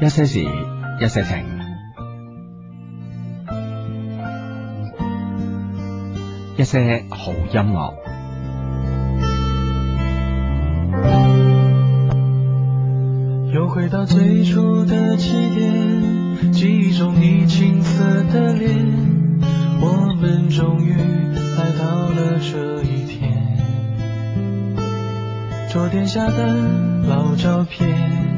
一些事，一些情，一些好音樂。又回到最初的起點，記憶中你青澀的臉，我們終於來到了這一天。桌墊下的老照片。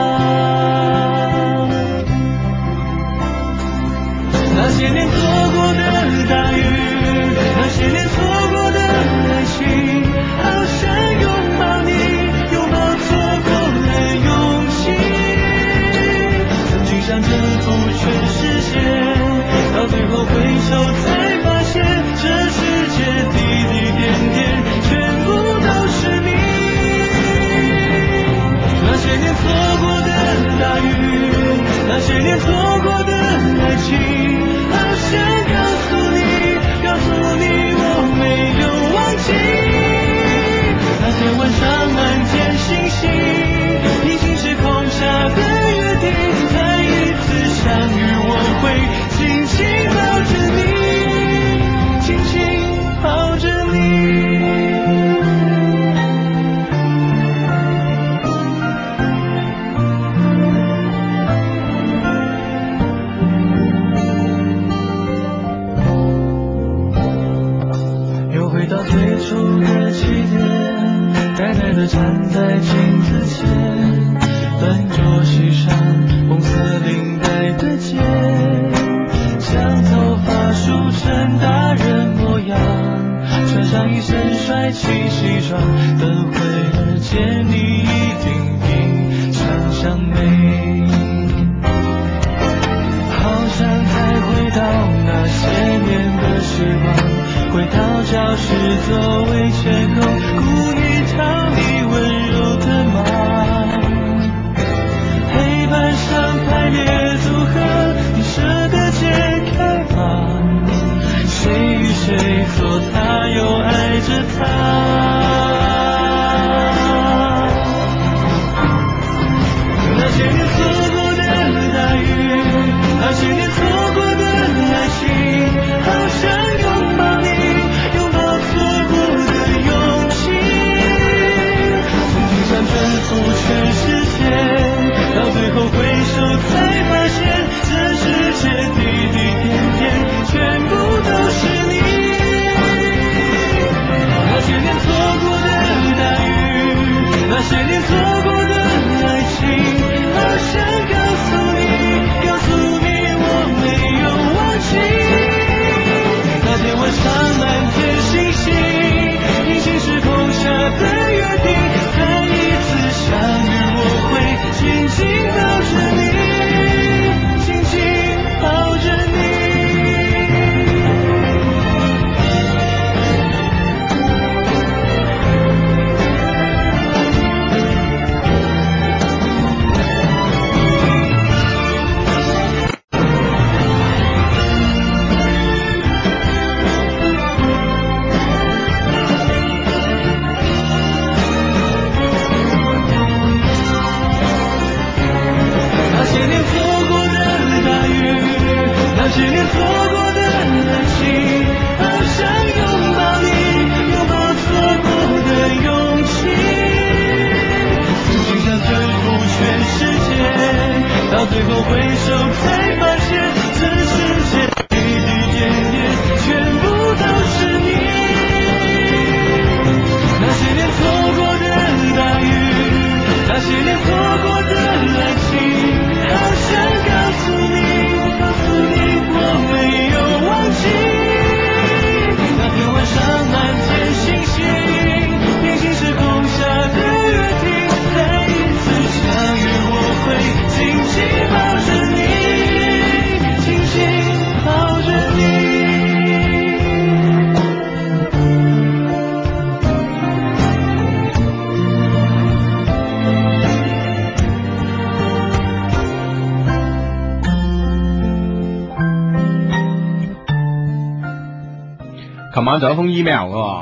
仲有封 email 嘅，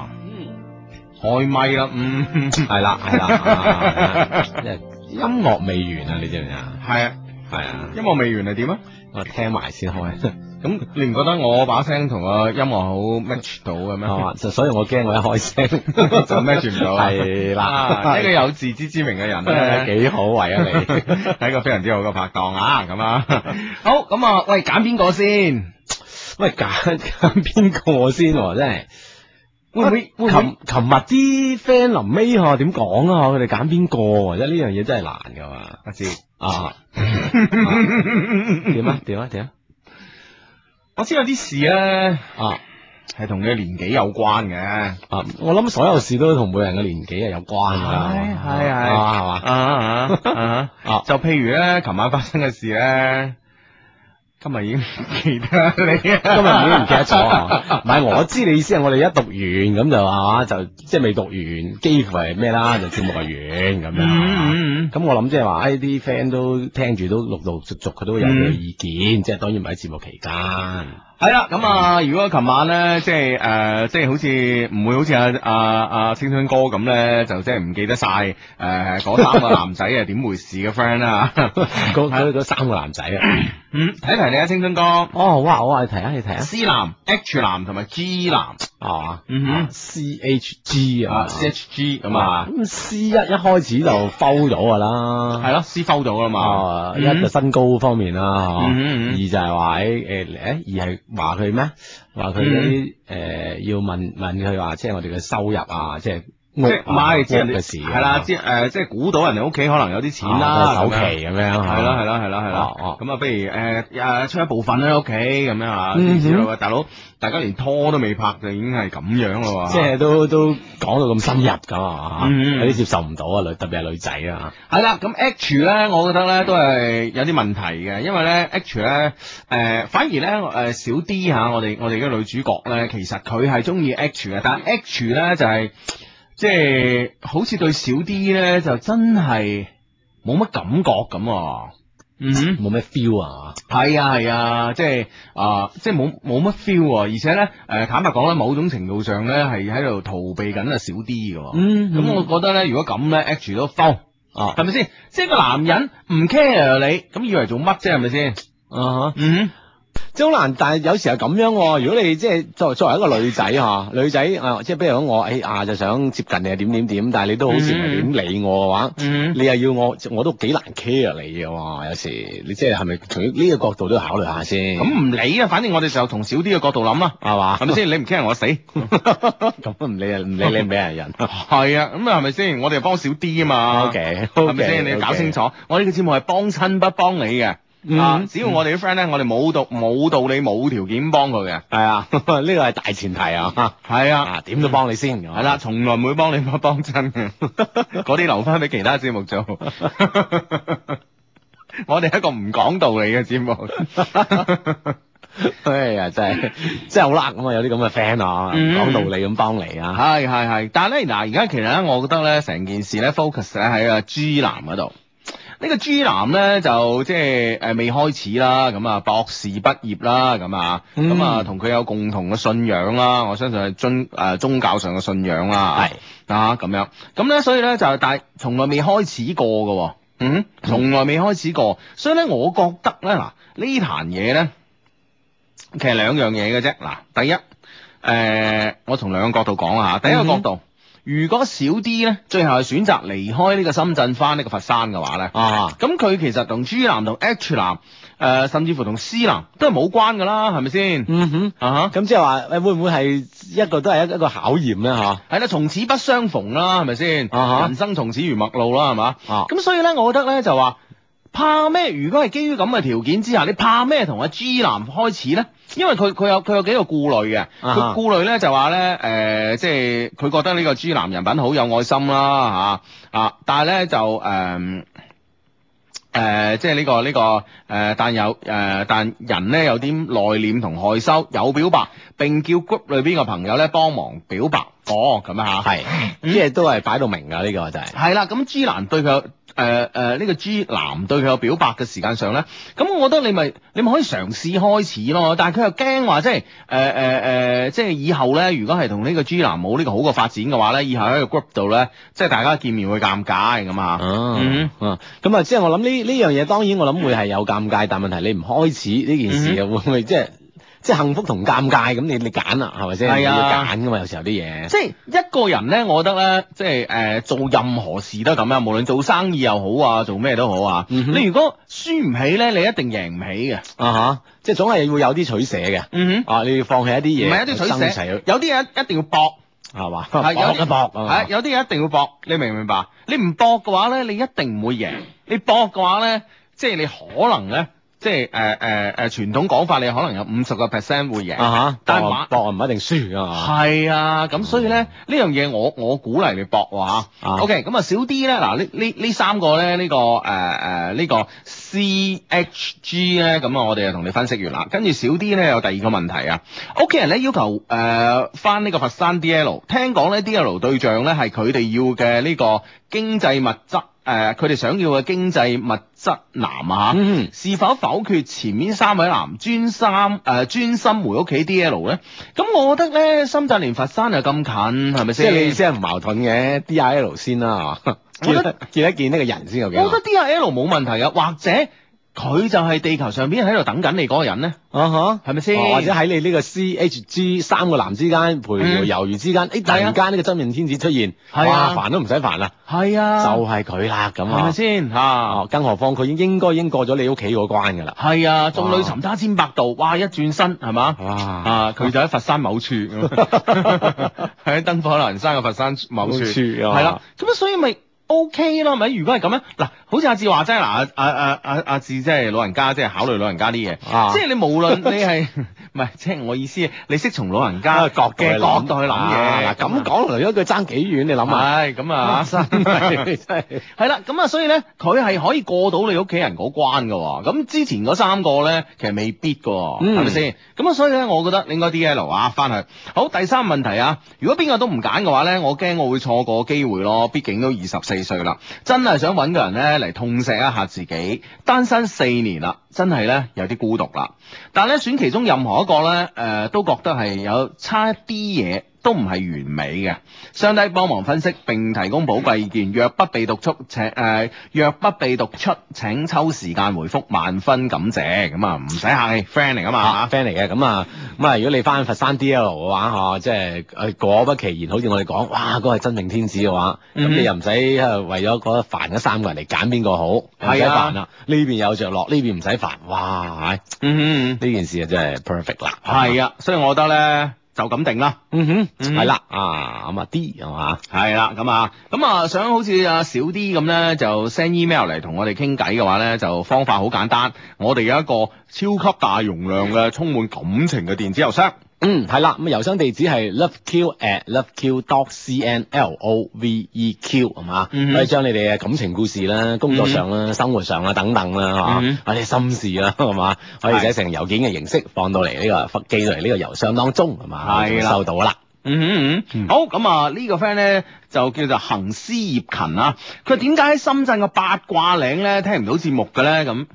開咪啦，嗯，係啦，係啦，音樂未完啊，你知唔知啊？係，係啊。音樂未完係點啊？我聽埋先開。咁你唔覺得我把聲同個音樂好 match 到嘅咩？就所以我驚我一開聲就 match 唔到。係啦，一個有自知之明嘅人咧，幾好為啊你，係一個非常之好嘅拍檔啊，咁啊，好，咁啊，喂，揀邊個先？喂，揀揀邊個先、啊？真係會唔會？琴琴日啲 friend 臨尾嗬，點講啊？佢哋揀邊個？或者呢樣嘢真係難噶嘛？阿知啊，點啊？點啊？點啊？我知有啲事咧，啊，係同你年紀有關嘅。啊，我諗所有事都同每人嘅年紀係有關噶。係係係，係嘛？啊啊啊！就譬如咧，琴晚發生嘅事咧、啊。今日已經唔記得你了， 今日已經唔記得咗。唔、啊、係，我知你意思係我哋一讀完咁就話就即係未讀完，幾乎係咩啦？就節目完咁樣。咁、 嗯嗯、我諗即係話，啲 friend 都聽住都陸陸續續，佢都會有啲意見。嗯、即係當然唔係喺節目期間。係啦，咁啊，如果琴晚咧，即係誒，即係好似唔會好似阿阿阿青春哥咁咧，就即係唔記得晒誒，嗰三個男仔係點回事嘅 friend 啊，吓，講睇到嗰三個男仔啊，嗯，睇一睇你啊，青春哥，哦，好啊，好啊，你睇啊，你睇啊，C 男、H 男同埋 G 男，啊，嗯哼，C H G 啊，C H G 咁啊，咁 C 一一開始就 fail 咗噶啦，係咯，C fail 咗噶啦嘛，一就身高方面啦，二就係話喺誒誒，二係。話佢咩？話佢啲誒要問問佢話，即係我哋嘅收入啊，即係。即係買人哋嘅事係啦，即誒即係估到人哋屋企可能有啲錢啦，首期咁樣係咯，係咯，係咯，係咯咁啊，不如誒啊出一部分喺屋企咁樣啊。大佬大家連拖都未拍就已經係咁樣啦，即係都都講到咁深入噶嘛，有啲接受唔到啊女，特別係女仔啊嚇，係啦咁 H 咧，我覺得咧都係有啲問題嘅，因為咧 H 咧誒反而咧誒少啲嚇我哋我哋嘅女主角咧，其實佢係中意 H 嘅，但係 H 咧就係。即係好似對小啲呢，就真係冇乜感覺咁，嗯，冇咩 feel 啊，係、mm hmm. 啊係啊，啊，即係、呃、啊，即係冇冇乜 feel，而且呢，誒、呃，坦白講咧，某種程度上呢，係喺度逃避緊啊小啲嘅，嗯、mm，咁、hmm. 我覺得呢，如果咁呢 actually 都 fail，啊，係咪先？即係個男人唔 care、啊、你，咁以為做乜啫？係咪先？啊、uh，嗯、huh. mm hmm. 即係好難，但係有時候咁樣。如果你即係作作為一個女仔嗬，女仔啊，即係比如講我，哎啊，就想接近你啊，點點點，但係你都好似唔點理我嘅話，你又要我，我都幾難 care 你嘅。有時你即係係咪從呢個角度都要考慮下先？咁唔理啊，反正我哋就從少啲嘅角度諗啦，係嘛，係咪先？你唔 care 我死，咁唔理啊，唔理你唔俾人。係啊，咁啊係咪先？我哋幫少啲啊嘛。O K，係咪先？你要搞清楚，我呢個節目係幫親不幫你嘅。啊！Mm. 只要我哋啲 friend 咧，我哋冇道冇道理冇條件幫佢嘅，係啊，呢個係大前提啊，係啊，點、啊、都幫你先，係啦、啊啊，從來唔會幫你幫幫真嘅，嗰 啲留翻俾其他節目做， 我哋係一個唔講道理嘅節目，哎 呀、 啊，真係真係好辣啊嘛，有啲咁嘅 friend 啊，唔講道理咁幫你啊，係係係，但係咧嗱，而家其實咧，我覺得咧，成件事咧 focus 咧喺啊 G 男嗰度。個 G 呢個朱男咧就即係誒、呃、未開始啦，咁啊博士畢業啦，咁啊咁啊同佢有共同嘅信仰啦，我相信係尊誒、呃、宗教上嘅信仰啦，係是啊咁樣，咁咧所以咧就係但係從來未開始過噶、哦嗯，嗯，從來未開始過，所以咧我覺得咧嗱呢壇嘢咧其實兩樣嘢嘅啫，嗱第一誒、呃、我從兩個角度講下。第一個角度。嗯如果少啲咧，最後係選擇離開呢個深圳返呢個佛山嘅話咧，啊、uh，咁、huh. 佢其實同 G 男同 H 男，誒、呃，甚至乎同 C 男都係冇關嘅啦，係咪先？嗯哼、uh，啊咁即係話誒，會唔會係一個都係一個一個考驗咧？嚇、uh，係、huh. 啦，從此不相逢啦，係咪先？啊、uh huh. 人生從此如陌路啦，係嘛？啊、uh，咁、huh. 所以咧，我覺得咧就話。怕咩？如果係基於咁嘅條件之下，你怕咩同阿 G 男開始呢？因為佢佢有佢有幾個顧慮嘅。佢顧慮呢，就話呢，誒、呃，即係佢覺得呢個 G 男人品好有愛心啦，吓啊！但係呢，就誒，誒、啊，即係呢個呢、這個誒、呃，但有誒、呃，但人呢，有啲內斂同害羞，有表白，並叫 group 裏邊嘅朋友呢，幫忙表白，哦，咁啊吓，係，啲嘢 都係擺到明噶呢、這個就係、是。係啦，咁 G 男對佢。誒誒，呢、呃這個 G 男對佢有表白嘅時間上咧，咁我覺得你咪你咪可以嘗試開始咯，但係佢又驚話即係誒誒誒，即係、呃呃、以後咧，如果係同呢個 G 男冇呢個好嘅發展嘅話咧，以後喺個 group 度咧，即係大家見面會尷尬咁嘛。哦，嗯，咁啊，即係我諗呢呢樣嘢，當然我諗會係有尷尬， 但係問題你唔開始呢件事，會唔會即係？ 即係幸福同尷尬，咁你你揀啦，係咪先？係是啊，要揀噶嘛，有時候啲嘢。即係一個人咧，我覺得咧，即係誒、呃、做任何事都咁啊，無論做生意又好啊，做咩都好啊。嗯、哼 你如果輸唔起咧，你一定贏唔起嘅。啊嚇，即係總係會有啲取捨嘅。嗯、哼 啊，你要放棄一啲嘢。唔係一啲取捨。死有啲嘢一定要搏。係嘛？有搏。係有啲嘢一定要搏，你明唔明,明白？你唔搏嘅話咧，你一定唔會贏。你搏嘅話咧，即係你,、就是、你可能咧。即係誒誒誒傳統講法，你可能有五十個 percent 會贏啊！嚇，但係博唔一定輸啊。嘛。係、嗯、啊，咁所以咧，呢樣嘢我我鼓勵你博喎嚇。OK，咁啊少啲咧，嗱呢呢呢三個咧呢、這個誒誒、呃這個、呢個 CHG 咧，咁啊我哋就同你分析完啦。跟住少啲咧，有第二個問題啊，屋企人咧要求誒翻、呃、呢個佛山 DL，聽講咧 DL 對象咧係佢哋要嘅呢個經濟物質誒，佢、呃、哋想要嘅經濟物。質南啊嚇，嗯、是否否決前面三位男專三誒、呃、專心回屋企 D L 咧？咁、嗯、我覺得咧，深圳連佛山又咁近，係咪先？即係你意思係唔矛盾嘅 D I L 先啦得 見一見呢個人先究竟。我覺得 D I L 冇問題嘅， 或者。佢就係地球上邊喺度等緊你嗰個人咧，啊哈，係咪先？或者喺你呢個 C H G 三個男之間徘徊猶豫之間，突然間呢個真命天子出現，係啊，煩都唔使煩啦，係啊，就係佢啦，咁啊，係咪先？嚇，更何況佢應應該已經過咗你屋企嗰關噶啦，係啊，眾裏尋他千百度，哇！一轉身係嘛？哇！啊，佢就喺佛山某處，喺燈火闌珊嘅佛山某處啊，係啦，咁啊，所以咪。O K 咯，咪、okay，如果係咁樣，嗱，好似阿志話齋，嗱、啊，阿阿阿阿志即係老人家，即係考慮老人家啲嘢，啊、即係你無論你係。 唔即係我意思，你識從老人家角度去諗嘢，嗱咁講嚟一句爭幾遠？你諗下。係咁啊，真係係啦。咁啊，所以咧，佢係可以過到你屋企人嗰關嘅。咁之前嗰三個咧，其實未必嘅，係咪先？咁啊，所以咧，我覺得你應該 D L 啊翻去。好，第三問題啊，如果邊個都唔揀嘅話咧，我驚我會錯過機會咯。畢竟都二十四歲啦，真係想揾個人咧嚟痛錫一下自己。單身四年啦。真係咧，有啲孤獨啦，但係咧選其中任何一個咧，誒、呃、都覺得係有差一啲嘢，都唔係完美嘅，相睇幫忙分析並提供寶貴意見，若不被讀出請誒，若不被讀出請抽時間回覆，萬分感謝。咁啊，唔使客氣，friend 嚟啊嘛，friend 嚟嘅，咁啊咁啊，如果你返佛山 D L 嘅話，嚇即係誒果不其然，好似我哋講，哇，嗰個係真命天子嘅話，咁你又唔使為咗覺得煩嗰三個人嚟揀邊個好，唔使煩啦，呢邊有着落，呢邊唔使煩，哇，嗯嗯，呢件事啊真係 perfect 啦，係啊，所以我覺得咧。就咁定啦，嗯，嗯哼，係啦了，啊，咁啊啲係嘛，係啦，咁啊，咁啊想好似啊少啲咁咧，就 send email 嚟同我哋傾偈嘅話咧，就方法好簡單，我哋有一個超級大容量嘅充滿感情嘅電子郵箱。嗯，係啦，咁郵箱地址係 loveq@loveq.cnl.o.v.e.q 係嘛，e q, 嗯、哼可以將你哋嘅感情故事啦、工作上啦、嗯、哼生活上啦等等啦，吓、嗯哼，啲心事啦，係嘛，的可以寫成郵件嘅形式放到嚟呢、這個寄到嚟呢個郵箱當中，係嘛，的收到啦、嗯嗯。嗯嗯嗯，好，咁啊呢個 friend 咧就叫做行思葉勤啊，佢點解喺深圳嘅八卦嶺咧聽唔到節目嘅咧咁？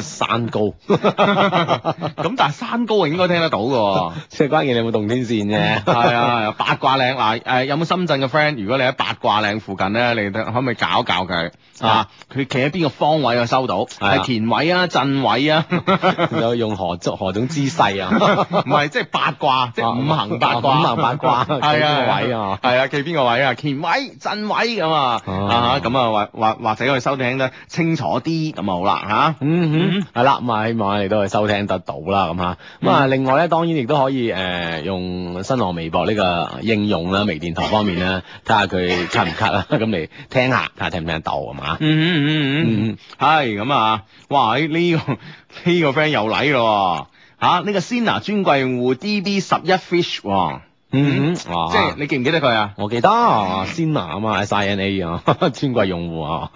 山高咁，但係山高應該聽得到嘅，即係關鍵你有冇動天線啫？係啊，八卦嶺嗱，誒，有冇深圳嘅 friend？如果你喺八卦嶺附近咧，你可唔可以搞一搞佢啊？佢企喺邊個方位啊？收到係田位啊，鎮位啊？又用何種何種姿勢啊？唔係，即係八卦，即係五行八卦，五行八卦，係啊，位啊，係啊，企邊個位啊？田位、鎮位咁啊，啊咁啊，或或或者佢收聽得清楚啲咁啊啦嚇、啊 mm hmm. 嗯，嗯哼，係啦、啊，咁啊，希望你都可以收聽得到啦，咁嚇。咁啊，啊嗯、另外咧，當然亦都可以誒、呃、用新浪微博呢個應用啦，微電台方面啦，睇、 啊、下佢卡唔卡啦，咁嚟聽下睇下聽唔聽到係嘛？嗯嗯嗯嗯嗯，係咁啊！哇，呢、這個呢、這個 friend 又嚟咯嚇，呢、啊這個 Sina 尊貴用戶 DD 十一 Fish，、啊、嗯哼，即係你記唔記得佢啊？ 我記得 Sina 啊嘛，係 Sina 啊，尊貴用戶啊。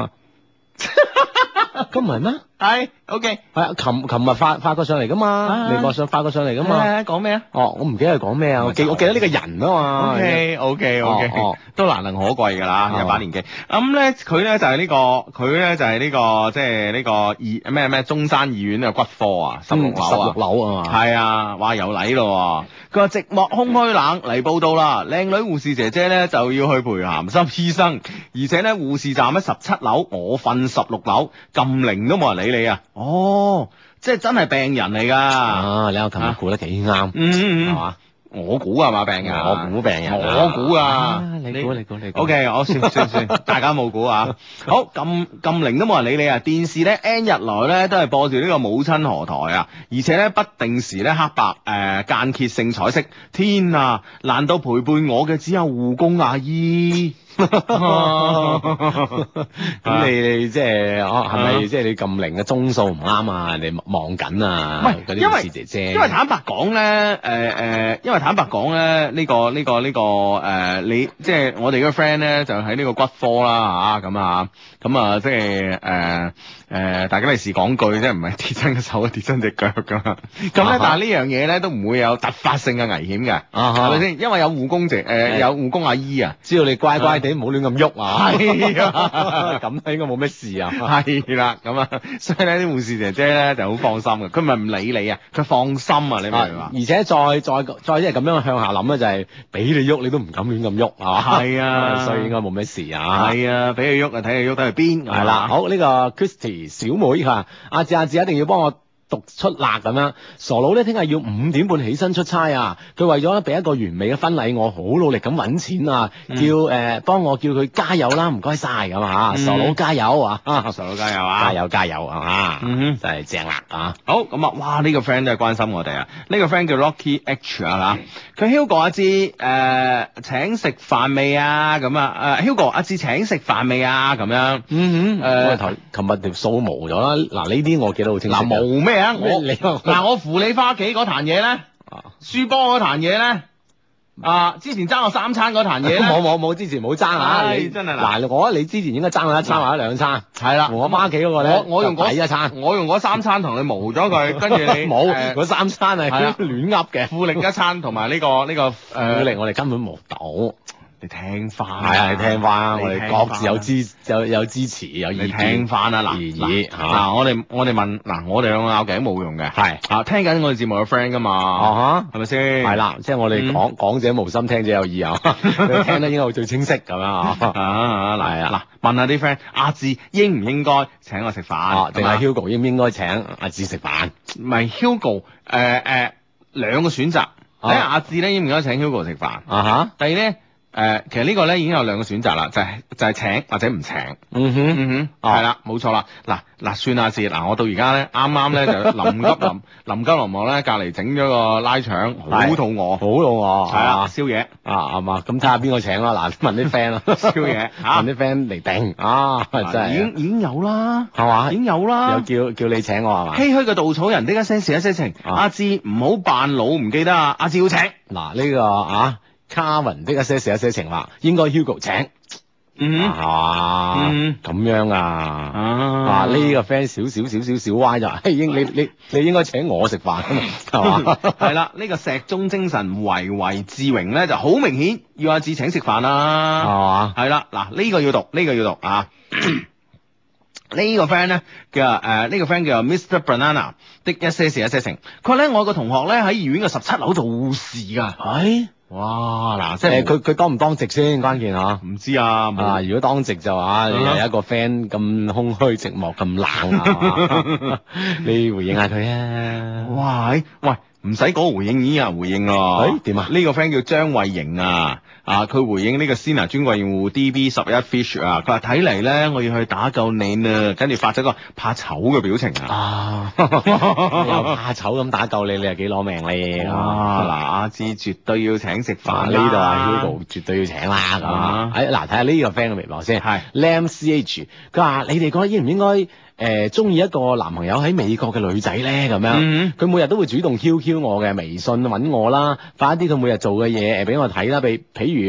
咁唔係咩？係，OK，係啊，琴琴日發發過上嚟噶嘛，微博上發過上嚟噶嘛。講咩啊？哦，我唔記得佢講咩啊，我記我記得呢個人啊嘛。OK，OK，OK，都難能可貴噶啦，一把年紀。咁咧，佢咧就係呢個，佢咧就係呢個，即係呢個二咩咩中山二院嘅骨科啊，十六樓啊，十六樓啊嘛。係啊，哇，有禮咯。佢話寂寞空虛冷嚟報道啦，靚女護士姐姐咧就要去陪鹹濕醫生，而且咧護士站喺十七樓，我瞓十六樓，撳鈴都冇人理。你啊，哦，即係真係病人嚟噶啊，你我琴日估得幾啱，係嘛？我估啊嘛，病人，我估病人，我估啊。你估，你估，你估。O K，我算 算算，算，大家冇估 啊。好，咁咁鈴都冇人理你啊。電視咧，N 日來咧都係播住呢個母親河台啊，而且咧不定時咧黑白誒呃、間歇性彩色。天啊，難道陪伴我嘅只有護工阿姨？咁 你哋 即係哦，係咪即係你咁零嘅鐘數唔啱啊？人哋望緊啊，唔係嗰啲師姐姐因、呃呃。因為坦白講咧，誒、這、誒、個，因為坦白講咧，呢、這個呢個呢個誒，你即係我哋個 friend 咧，就喺、是、呢、就是、個骨科啦嚇，咁啊咁啊，啊、嗯、啊，即係誒。啊誒，大家嚟時講句啫，唔係跌親個手，跌親隻腳噶嘛。咁 咧、嗯，但係呢樣嘢咧都唔會有突發性嘅危險嘅，係咪先？因為有護工值，誒、呃嗯、有護工阿姨啊，只要你乖乖地，唔好、嗯、亂咁喐啊。係啊，咁 應該冇咩事啊。係啦、啊，咁啊，所以咧啲護士姐姐咧就好放心嘅。佢咪唔理你啊，佢放心啊，你明嘛，而且再再再即係咁樣向下諗咧，就係、是、俾你喐，你都唔敢亂咁喐啊嘛。係啊，啊所以應該冇咩事啊。係啊，俾你喐啊，睇你喐得去邊。係啦，好呢、呢個 Christy 小妹嚇，阿志阿志一定要幫我。讀出啦咁樣，傻佬咧聽日要五點半起身出差啊！佢為咗俾一個完美嘅婚禮，我好努力咁揾錢啊！叫誒、嗯呃、幫我叫佢加油啦，唔該晒咁啊。傻佬加油啊！傻佬加油啊！加油，加油係嘛？真係正啦啊！嗯、哼啊好咁啊！哇，呢、呢個 friend 都係關心我哋啊！呢、呢個 friend 叫 Rocky H 啊嚇，佢 Hugo 阿芝誒請食飯未啊？咁啊誒 Hugo 阿芝請食飯未啊？咁樣嗯哼誒，頭琴日條數冇咗啦！嗱呢啲我記得好清楚，冇咩、啊？嗱我扶你返屋企嗰壇嘢咧，輸波嗰壇嘢咧，啊之前爭我三餐嗰壇嘢冇冇冇，之前冇爭啊，你真係嗱，我覺得你之前應該爭我一餐或者兩餐，係啦，扶我孖幾嗰個咧，我我用嗰，抵一餐，我用嗰三餐同你冇咗佢，跟住你冇嗰三餐係亂噏嘅，富力一餐同埋呢個呢個誒，嚟，我哋根本冇到。你聽翻，係係聽翻我哋各自有支有有支持，有意見，意義嚇。嗱我哋我哋問嗱，我哋兩個拗頸冇用嘅係啊，聽緊我哋節目嘅 friend 噶嘛，啊係咪先？係啦，即係我哋講講者無心，聽者有意啊！你聽得應該會最清晰咁樣啊！啊嗱嗱，問下啲 friend，阿志應唔應該請我食飯，定係 Hugo 應唔應該請阿志食飯？唔係 Hugo，誒誒兩個選擇。第一，阿志咧應唔應該請 Hugo 食飯？啊哈。第二咧？誒，其實呢個咧已經有兩個選擇啦，就係就係請或者唔請。嗯哼，嗯哼，係啦，冇錯啦。嗱嗱，算下先。嗱，我到而家咧，啱啱咧就臨急臨臨急臨忙咧，隔籬整咗個拉腸，好肚餓，好肚餓，係啊，宵夜啊，係嘛？咁睇下邊個請啦。嗱，問啲 friend 咯，宵夜，問啲 friend 嚟頂啊，真係已經已經有啦，係嘛？已經有啦。又叫叫你請我係嘛？唏噓嘅稻草人，呢，一些事一些情。阿志唔好扮老，唔記得啊！阿志要請。嗱，呢個啊。卡文的一些事一些情話應該 Hugo 請，嗯、mm，係、hmm. 嘛、啊，咁樣啊，mm hmm. 啊呢、這個 friend 少少少少少歪咋，應你你你應該請我食飯，係嘛，係啦，呢、這個石中精神為為志榮咧，就好明顯要阿志請食飯啦，係嘛，係啦，嗱、這、呢個要讀呢、這個要讀啊， 這個、呢、呃這個 friend 咧叫啊呢個 friend 叫 Mr. Banana 的一些事一些情，佢咧我個同學咧喺醫院嘅十七樓做護士㗎，係。 哇！嗱，即係佢佢當唔當值先關鍵嚇？唔知啊，啊！如果當值就話、啊、吧你有一個 friend 咁空虛寂寞咁冷啊， 吧 你回應下佢啊、欸！喂喂！唔使講回應，已經有人回應咯。誒點、哎、啊？呢個 friend 叫張慧瑩啊， 啊佢回應呢個 Cena 專櫃用戶 D B 十一 fish 啊，佢話睇嚟咧，我要去打救你啊，跟住發咗個怕醜嘅表情啊。啊，怕醜咁打救你，你又幾攞命咧、啊？啊嗱，阿芝絕對要請食飯，呢度啊 Hugo 絕對要請啦。咁啊，誒嗱、啊，睇下呢個 friend 嘅微博先。係是 Lam C H，佢話你哋覺得應唔應該？誒，中意、呃、一個男朋友喺美國嘅女仔呢，咁樣，佢、mm hmm. 每日都會主動 QQ 我嘅微信搵我啦，發一啲佢每日做嘅嘢誒俾我睇啦，譬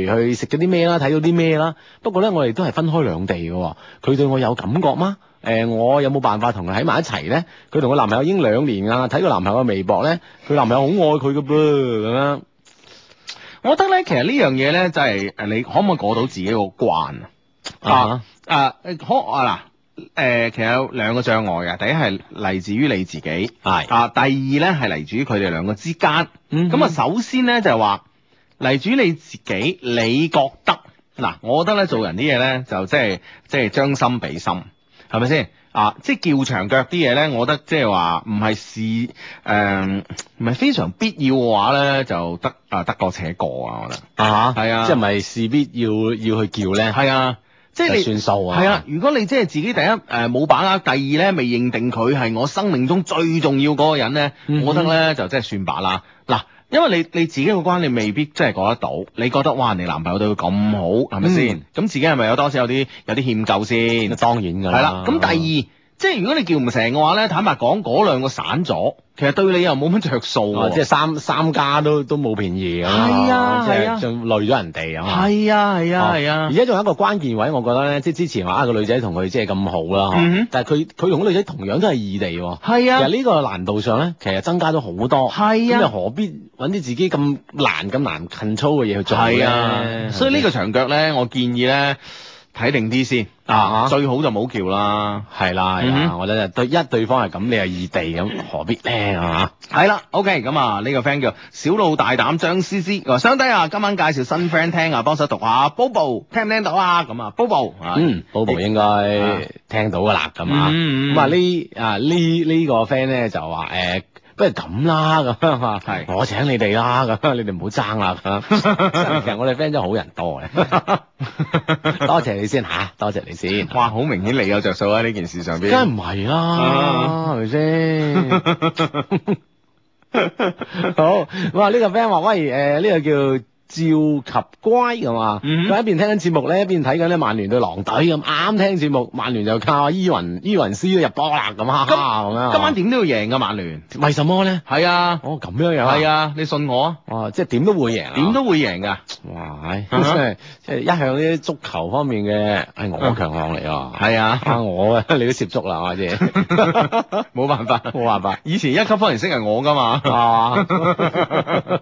如佢食咗啲咩啦，睇到啲咩啦。不過呢，我哋都係分開兩地嘅。佢對我有感覺嗎？誒、呃，我有冇辦法同佢喺埋一齊呢？佢同個男朋友已經兩年啦，睇個男朋友嘅微博呢，佢男朋友好愛佢嘅噃，咁樣。我覺得呢，其實呢樣嘢呢，就係、是、你可唔可以過到自己個關啊？啊、uh，誒、huh. uh, uh，可啊嗱。誒、呃，其實有兩個障礙嘅，第一係嚟自於你自己，係的啊，第二咧係嚟自於佢哋兩個之間。咁啊、嗯哼，首先咧就係話嚟自於你自己，你覺得嗱，我覺得咧做人啲嘢咧就即係即係將心比心，係咪先啊？即係叫長腳啲嘢咧，我覺得即係話唔係事，誒唔係非常必要嘅話咧，就得啊得過且過啊，我覺得啊吓，係啊，啊即係唔係事必要要去叫咧，係啊。即係你算數啊！係啊，如果你即係自己第一誒冇、呃、把握，第二咧未認定佢係我生命中最重要嗰個人咧，嗯、我覺得咧就即係算把啦。嗱，因為你你自己個關係未必即係講得到，你覺得哇人哋男朋友對佢咁好，係咪、嗯、先？咁自己係咪有多時有啲有啲歉疚先？當然噶啦。係啦、啊，咁第二。即係如果你叫唔成嘅話咧，坦白講嗰兩個散咗，其實對你又冇乜着數啊。即係三三家都都冇便宜啊。係啊係啊，就累咗人哋啊嘛。係啊係啊係啊。哦、啊啊而家仲有一個關鍵位，我覺得咧，即係之前話個女仔同佢即係咁好啦。嗯、哼但係佢佢同個女仔同樣都係異地喎。係啊。其實呢個難度上咧，其實增加咗好多。係啊。咁你何必揾啲自己咁難咁、啊、難近粗嘅嘢去做咧？係啊。啊所以呢個長腳咧，我建議咧。睇定啲先啊，最好就冇叫啦，係啦，係啦、嗯，我真係對，對一對方係咁，你係異地咁，何必咧嚇？係 啦，OK，咁啊，呢、這個 friend 叫小路大膽張思思話，想睇啊，今晚介紹新 friend 聽啊，幫手讀下 Bobo，聽唔聽到啊？咁啊，Bobo 啊，嗯，Bobo 應該聽到噶啦，咁、嗯嗯、啊，咁啊、這個、呢啊呢呢個 friend 咧就話誒。呃不如咁啦，咁啊嘛，我請你哋啦，咁你哋唔好爭啦，咁其實我哋 friend 都好人多嘅， 多謝你先吓、啊，多謝你先。哇，好明顯你有着數啊，呢 件事上面。梗係唔係啦，係咪先？好，我話呢個 friend 話喂，誒、呃、呢、這個叫。趙及乖咁嘛。佢、嗯、哼一邊聽緊節目咧，一邊睇緊咧曼聯對狼隊，咁啱聽節目，曼聯就靠伊雲伊雲斯咧入波啦咁啊！咁今，今晚點都要贏噶曼聯，為什麼咧？係啊，哦咁樣又係啊！你信我啊！哦，即係點都會贏、啊，點都會贏噶！哇！Uh huh. 即係即係一向呢啲足球方面嘅係我強項嚟啊。係啊！我啊，你都涉足啦，或者冇辦法，冇辦法。 以前一級方程式係我噶嘛，係嘛？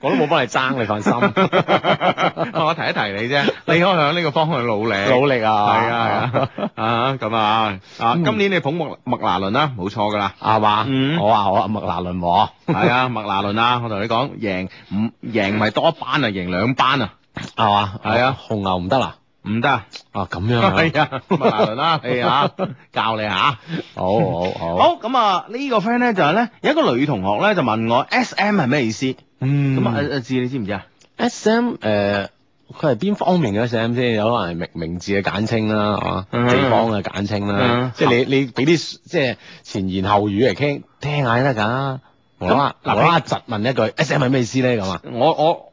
我都冇幫你爭，你放心。我提一提你啫，你可以向呢個方向努力。努力啊，係啊，啊咁啊， 啊，啊、嗯、啊今年你捧麥麥拿倫啦，冇錯㗎啦，係嘛？好啊好啊，麥、嗯啊啊、拿倫喎、啊，係 啊麥拿倫啊，我同你講，贏唔贏咪多一班啊，贏兩班啊，係嘛？係啊，啊啊紅牛唔得啦。唔得啊！咁樣啊，係啊，咁啊，阿倫啦，你啊，教你吓，好好好。好咁啊，呢個 friend 咧就係咧，有一個女同學咧就問我 S M 係咩意思？嗯，咁、嗯、啊，阿阿志你知唔知啊？S M 誒、呃，佢係邊方面嘅 S M 先、嗯？有可能係名名字嘅簡稱啦，啊，地方嘅簡稱啦，即係你你俾啲即係前言後語嚟傾聽下先得噶。我話嗱，我阿侄問一句，S M 係咩意思咧？咁啊，我我。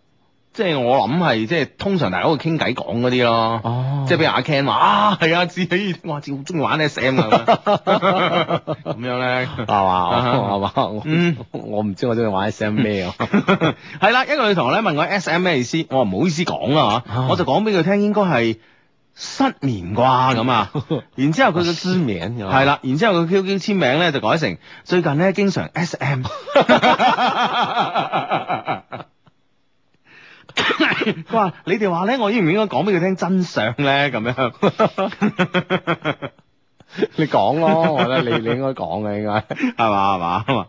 即係我諗係即係通常大家喺度傾偈講嗰啲咯，哦、即係俾阿 Ken 話啊，係啊，自己話自己好中意玩 SM, S M 啊。」咁樣咧，係嘛，係嘛，我唔知我中意玩 S M 咩啊，係啦，一個女同學咧問我 S M 咩意思，我唔好意思講啊，啊我就講俾佢聽應該係失眠啩，咁啊，然之後佢嘅 簽名係啦，然之後佢 QQ 簽名咧就改成最近咧經常 S M。 佢話：你哋話咧，我應唔應該講俾佢聽真相咧？咁樣，你講咯，我覺得你你應該講嘅，應該係嘛係嘛。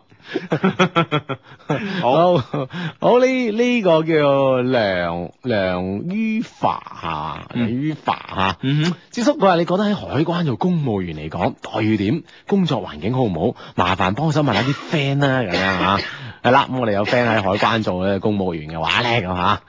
好，好呢呢、這個這個叫梁梁於法啊，於法嚇。嗯， 嗯哼，志叔佢話：你覺得喺海關做公務員嚟講，待遇點？工作環境好唔好？麻煩幫手問下啲 friend 啦，咁樣嚇。係啦，咁我哋有 friend 喺海關做嘅公務員嘅話咧，吓，啊，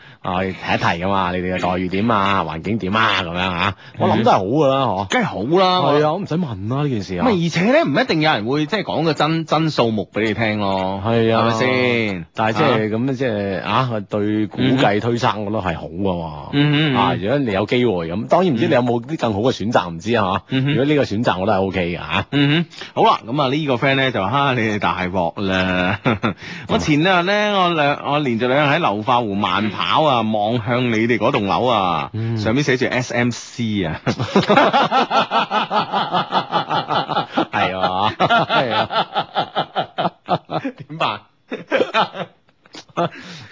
提一提噶嘛，你哋嘅待遇點啊，環境點啊，咁樣吓，我諗都係好噶啦，嗬，梗係好啦，係啊，我唔使問啦呢件事。咁而且咧唔一定有人會即係講個真真數目俾你聽咯，係啊，係咪先？但係即係咁即係啊，對估計推測，我覺得係好噶，啊，如果你有機會咁，當然唔知你有冇啲更好嘅選擇，唔知啊，如果呢個選擇我都係 O K 嘅吓，好啦，咁啊呢個 friend 咧就話你哋大鑊啦。我前兩日咧，我兩我連續兩日喺流化湖慢跑啊，望向你哋嗰棟樓啊，上面寫住 SMC 啊，係啊，係啊，點辦？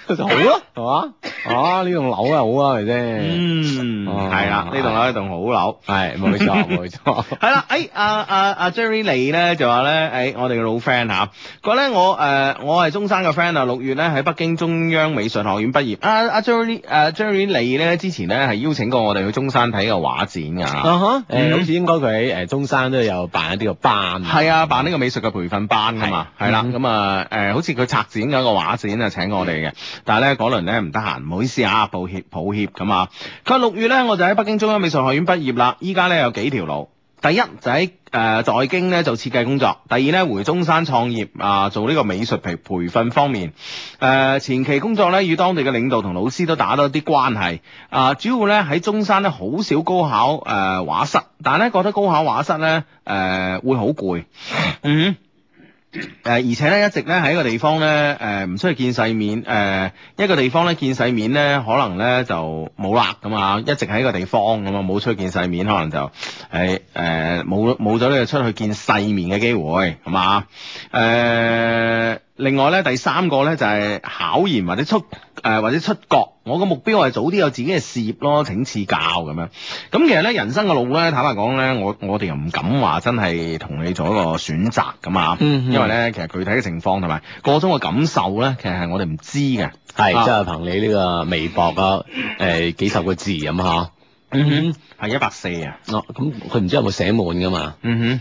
就好咯，係嘛？啊，呢棟樓啊好啊，係咪先？嗯，係啦，呢棟樓呢棟。保樓係冇錯，冇錯係啦。誒阿阿阿 Jerry Lee 咧就話咧，誒、哎、我哋嘅老 friend 嚇，佢、啊、咧、啊啊啊啊、我誒我係中山嘅 friend、呃、啊。六、嗯啊啊、 月咧喺北京中央美術學院畢業。阿阿 Jerry 誒 Jerry Lee 咧之前咧係邀請過我哋去中山睇個畫展㗎。啊好似應該佢喺誒中山都有辦一啲個班。係啊，辦呢個美術嘅培訓班㗎嘛。係啦，咁啊誒好似佢策展咗一個畫展啊，請我哋嘅。但係咧嗰輪咧唔得閒，唔好意思啊，抱歉抱歉咁啊。佢六月咧我就喺北京中央美術學院。畢業啦，依家咧有幾條路。第一就喺、是、誒在，、呃、在京咧做設計工作，第二咧回中山創業啊、呃，做呢個美術培培訓方面。誒、呃、前期工作咧，與當地嘅領導同老師都打咗啲關係啊、呃。主要咧喺中山咧好少高考誒畫、呃、室，但係咧覺得高考畫室咧誒、呃、會好攰。嗯。誒、呃，而且咧，一直咧喺一個地方咧，誒、呃，唔出去見世面，誒、呃，一個地方咧見世面咧，可能咧就冇啦，咁啊，一直喺一個地方咁啊，冇、嗯、出去見世面，可能就係誒，冇冇咗呢個出去見世面嘅機會，係嘛？誒、呃，另外咧，第三個咧就係、是、考研，或者出。誒、呃，或者出國，我個目標係早啲有自己嘅事業咯，請賜教咁樣。咁其實咧，人生嘅路咧，坦白講咧，我我哋又唔敢話真係同你做一個選擇咁啊。嗯、哼因為咧，其實具體嘅情況同埋個中嘅感受咧，其實係我哋唔知嘅。係是，即係憑你呢個微博啊，誒、呃，幾十個字咁嗬。嗯哼，係一百四啊。哦，咁佢唔知有冇寫滿噶嘛？嗯哼。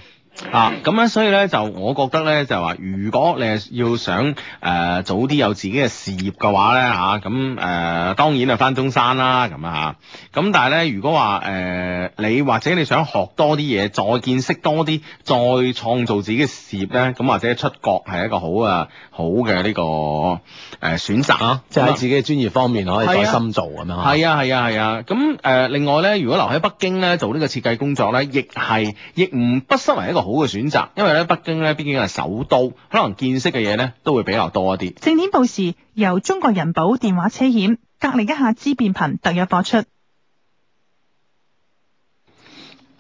啊，咁咧，所以咧就，我覺得咧就話，如果你係要想誒早啲有自己嘅事業嘅話咧嚇，咁誒當然係返中山啦咁啊，咁但係咧，如果話誒你或者你想學多啲嘢，再見識多啲，再創造自己嘅事業咧，咁或者出國係一個好啊好嘅呢個誒選擇嚇，即係喺自己嘅專業方面可以再深造。咁樣嚇。係啊，係啊，係啊，咁誒另外咧，如果留喺北京咧做呢個設計工作咧，亦係亦唔不失為一個好嘅選擇，因為咧北京咧，畢竟係首都，可能見識嘅嘢咧都會比較多一啲。正點報時，由中國人保電話車險隔離一下，之變頻特約播出。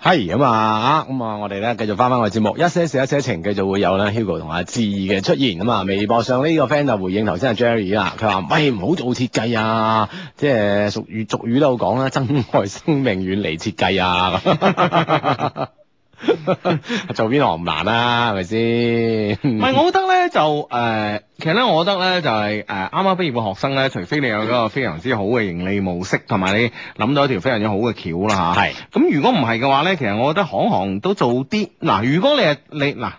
係咁啊，咁 啊、嗯嗯，我哋咧繼續翻翻我哋節目，一些事，一些情，繼續會有咧 Hugo 同阿志嘅出現啊、嗯、微博上呢個 friend 就回應頭先阿 Jerry 啦，佢話，喂，唔好做設計啊，即係俗語俗語都有講啦，珍愛生命，遠離設計啊。 做邊行唔難啦、啊，係咪先？唔係， 我覺得咧就誒、呃，其實咧，我覺得咧就係、是、誒，啱啱畢業嘅學生咧，除非你有嗰個非常之好嘅盈利模式，同埋你諗到一條非常之好嘅橋啦吓。係、啊。咁是如果唔係嘅話咧，其實我覺得行行都做啲。嗱，如果你係你嗱，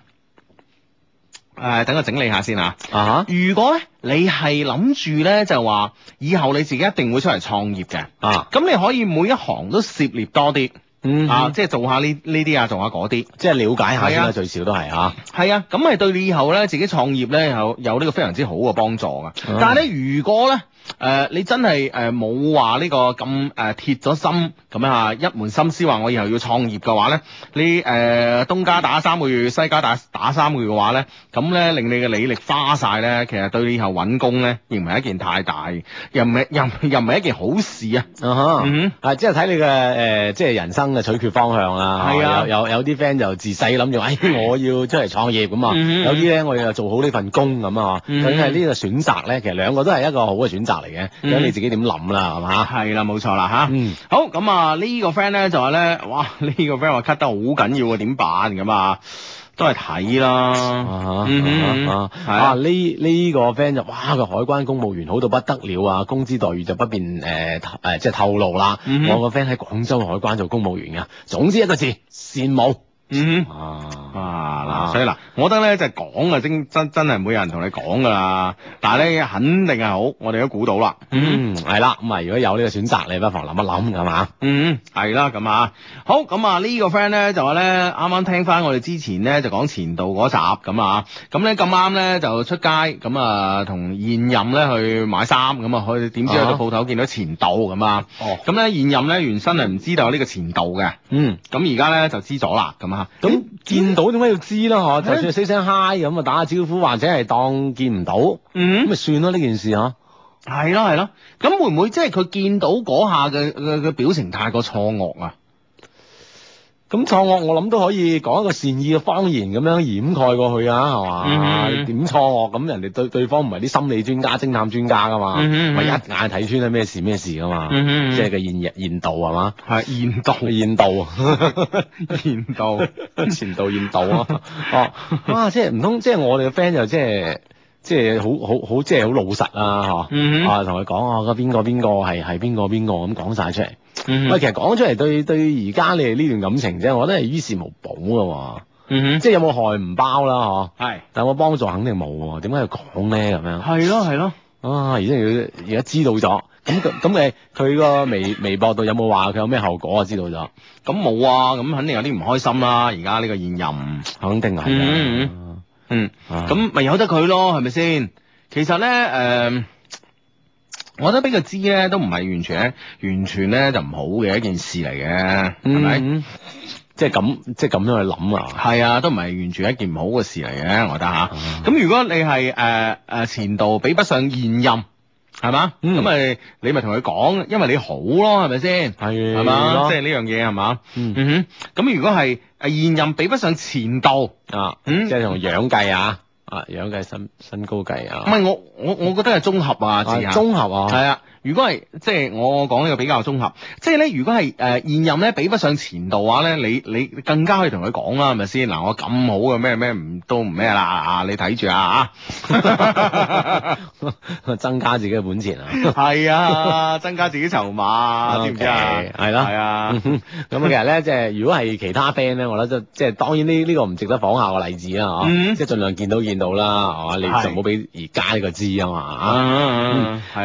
誒，等我整理下先吓。啊。如果咧你係諗住咧就話以後你自己一定會出嚟創業嘅。啊、uh。咁、huh. 你可以每一行都涉獵多啲。嗯啊，即係做下呢呢啲啊，做下嗰啲，即係了解下先啦，最少都係吓。係啊，咁係、啊、對你以後咧自己創業咧有有呢個非常之好嘅幫助啊。嗯、但係咧，如果咧。誒、呃，你真係誒冇話呢個咁誒鐵咗心咁樣啊，一門心思話我以後要創業嘅話咧，你誒、呃、東家打三個月，西家打打三個月嘅話咧，咁咧令你嘅履歷花晒咧，其實對你以後搵工咧，亦唔係一件太大，又唔係又又唔係一件好事啊，啊即係睇你嘅誒、呃、即係人生嘅取決方向啦。係啊，Yeah. 有有啲 friend 就自細諗住，哎，我要出嚟創業啊、mm hmm. 有啲咧，我又做好呢份工咁啊，佢係呢個選擇咧，其實兩個都係一個好嘅選擇。嚟嘅，睇、嗯、你自己點諗啦，係嘛？係啦、嗯，冇錯啦嚇。好咁啊，呢個、呢個 friend 咧就話咧，哇！呢、呢個 friend 話 cut 得好緊要啊，點辦咁啊？都係睇啦。嗯呢呢、呢個 friend 就哇，個海關公務員好到不得了啊，工資待遇就不便誒誒、呃呃，即係透露啦。嗯、哼我個 friend 喺廣州海關做公務員啊，總之一個字羨慕。嗯啊啊嗱，所以嗱，我覺得咧就係講啊，真真真係冇有人同你講㗎啦。但係咧，肯定係好，我哋都估到啦。嗯，係啦。咁啊，如果有呢個選擇，你不妨諗一諗㗎嘛。嗯，係啦。咁啊，好咁啊，這個、呢個 friend 咧就話咧，啱啱聽翻我哋之前咧就講前度嗰集咁啊。咁咧咁啱咧就出街咁啊，同現任咧去買衫咁啊，去點知去到鋪頭見到前度咁啊。啊哦。咁咧現任咧原身係唔知道有呢個前度嘅。嗯。咁而家咧就知咗啦。咁啊。咁、嗯、見到點解要知啦？嗬、嗯，啊、就算 say 聲 hi 咁啊，打下招呼，或者係當見唔到，嗯，咁咪算咯呢件事嗬。係咯係咯，咁會唔會即係佢見到嗰下嘅嘅嘅表情太過錯愕啊？咁錯愕，我諗都可以講一個善意嘅謊言咁樣掩蓋過去啊，係嘛？點、嗯、哼錯愕？咁人哋對對方唔係啲心理專家、偵探專家噶嘛，咪、嗯、一眼睇穿係咩事咩事噶嘛，嗯、哼哼即係嘅現現度，係嘛？係現道，現道，現度現，前度現度。啊！哦，哇！即係唔通即係我哋嘅 friend 就即係即係好好好即係好老實啊！嚇啊，同佢講啊，邊個邊個係係邊個邊個咁講晒出嚟。啊啊。喂，嗯、其實講出嚟對對而家你哋呢段感情啫，我覺得係於事無補噶，嗯哼即係有冇害唔包啦、啊，嗬是，係，但係冇幫助肯定冇，點解要講咧咁樣？係咯係咯，啊，而家而家知道咗，咁咁誒，佢個微微博度有冇話佢有咩後果啊？知道咗，咁冇啊，咁肯定有啲唔開心啦、啊。而家呢個現任肯定係、啊，嗯嗯，嗯嗯，咁咪由得佢咯，係咪先？其實咧，誒、呃。我覺得俾佢知咧，都唔係完全咧，完全咧就唔好嘅一件事嚟嘅，係咪？即係咁，即係咁樣去諗啊。係啊，都唔係完全一件唔好嘅事嚟嘅，我覺得吓，咁、啊嗯、如果你係誒誒前度比不上現任，係嘛？咁咪、嗯、你咪同佢講，因為你好咯，係咪先？係係嘛？即係呢樣嘢係嘛？嗯哼。咁、嗯嗯、如果係誒現任比不上前度啊，即係同佢養計啊。嗯嗯啊，樣計身身高計啊，唔係我我我覺得係綜合啊，綜合啊，係啊。如果係即係我講呢個比較綜合，即係咧如果係誒、呃、現任咧比不上前度嘅話咧，你你更加可以同佢講啦，係咪先嗱？我咁好嘅咩咩唔都唔咩啦啊！你睇住啊啊！增加自己嘅本錢啊，係 啊、 嗯，增加自己籌碼啊，知唔知啊？係、嗯、咯，係啊。咁啊，其實咧即係如果係其他 friend 咧，我諗都即係當然呢、這、呢個唔、這個、值得仿效嘅例子啦吓。啊、嗯，即係盡量見到見到啦，係嘛？你就唔好俾而家呢個知啊嘛吓。嗯、啊、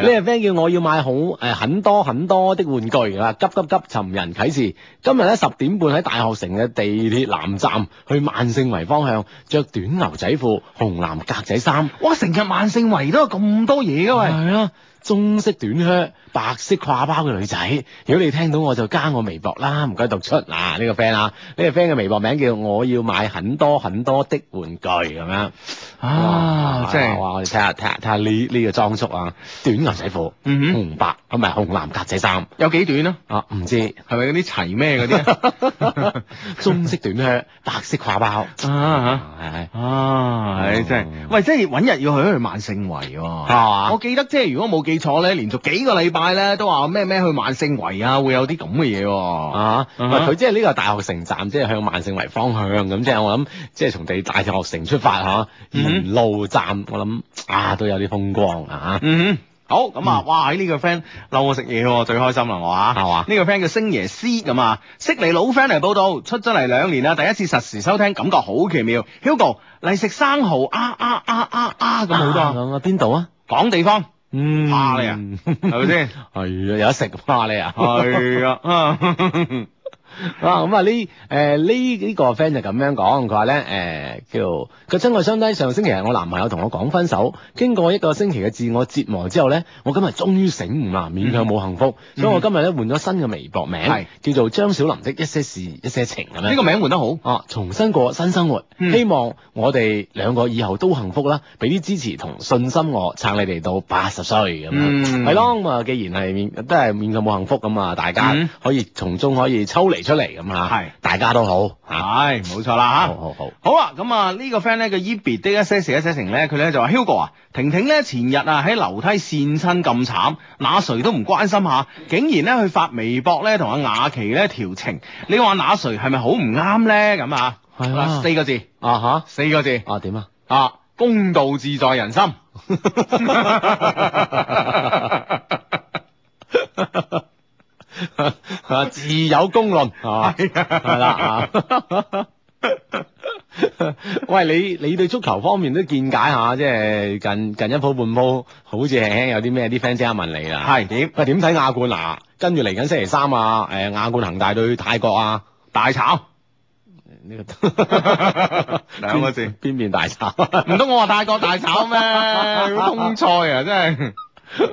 嗯，係是。呢個 friend 叫我要。 買好誒、呃，很多很多的玩具啦！急急急！尋人啟事，今日咧十點半喺大學城嘅地鐵南站去萬勝圍方向，着短牛仔褲、紅藍格仔衫。哇！成日萬勝圍都有咁多嘢噶 喂。係啊。 棕色短靴、白色挎包嘅女仔，如果你聽到我就加我微博啦，唔該讀出嗱，呢個 friend 啦，呢個 friend 嘅微博名叫我要買很多很多的玩具咁樣，哇，即係話，我哋睇下睇下睇下呢呢個裝束啊，短牛仔褲，嗯哼，紅白啊唔係紅藍格仔衫，有幾短啊？啊唔知係咪嗰啲齊咩嗰啲？棕色短靴、白色挎包啊，係啊，係真係，喂，即係揾日要去去萬盛圍，係我記得即係如果冇記。坐咧連續幾個禮拜咧都話咩咩去萬勝圍啊會有啲咁嘅嘢啊，佢即係呢個大學城站即係向萬勝圍方向咁即係我諗即係從地大學城出發嗬沿路站我諗啊都有啲風光啊嗯好咁啊哇喺呢個 friend 溜我食嘢最開心啦我話係嘛呢個 friend 叫星爺師咁啊悉尼老 friend 嚟報道出咗嚟兩年啦第一次實時收聽感覺好奇妙 Hugo 嚟食生蚝啊啊啊啊咁好多邊度啊講地方。嗯，怕你啊，係咪先？係啊，有得食怕你啊，係啊。哇！咁啊、這個、呢？誒，呢呢個 friend 就咁樣講，佢話咧誒叫佢親愛相低，上星期我男朋友同我講分手，經過一個星期嘅自我折磨之後咧，我今日終於醒悟啦，勉強冇幸福，嗯、所以我今日咧換咗新嘅微博名，是叫做張小林的一些事、一些情咁樣。呢個名換得好啊！重新過新生活，嗯、希望我哋兩個以後都幸福啦！俾啲支持同信心我，撐你哋到八十歲咁樣係咯。咁啊、嗯嗯，既然係都係勉強冇幸福咁啊，大家可以從中可以抽、離，嗯、可以抽離。出嚟咁嚇，係 大家都好嚇，係冇 錯啦嚇。好好 好，好啦咁啊，呢、這個 friend 咧叫 e b i d 一些事一些情咧，佢咧就話 Hugo 啊，婷婷咧前日啊喺樓梯跣親咁慘，那誰都唔關心下，竟然咧去發微博咧同阿雅琪咧調情，你話那誰係咪好唔啱咧咁啊？係啊，四 個字啊嚇，四、uh, huh? 個字啊點啊啊公道自在人心。 啊，自有公論係嘛？係啦啊！喂，你你對足球方面都見解下，即係近近一鋪半鋪，好似輕輕有啲咩啲 friend 即刻問你啦。係點？啊點睇亞冠嗱？跟住嚟緊星期三啊，誒亞冠恒大對泰國啊，大炒兩個字邊，邊大炒？唔通我話泰國大炒咩？通菜啊，真係～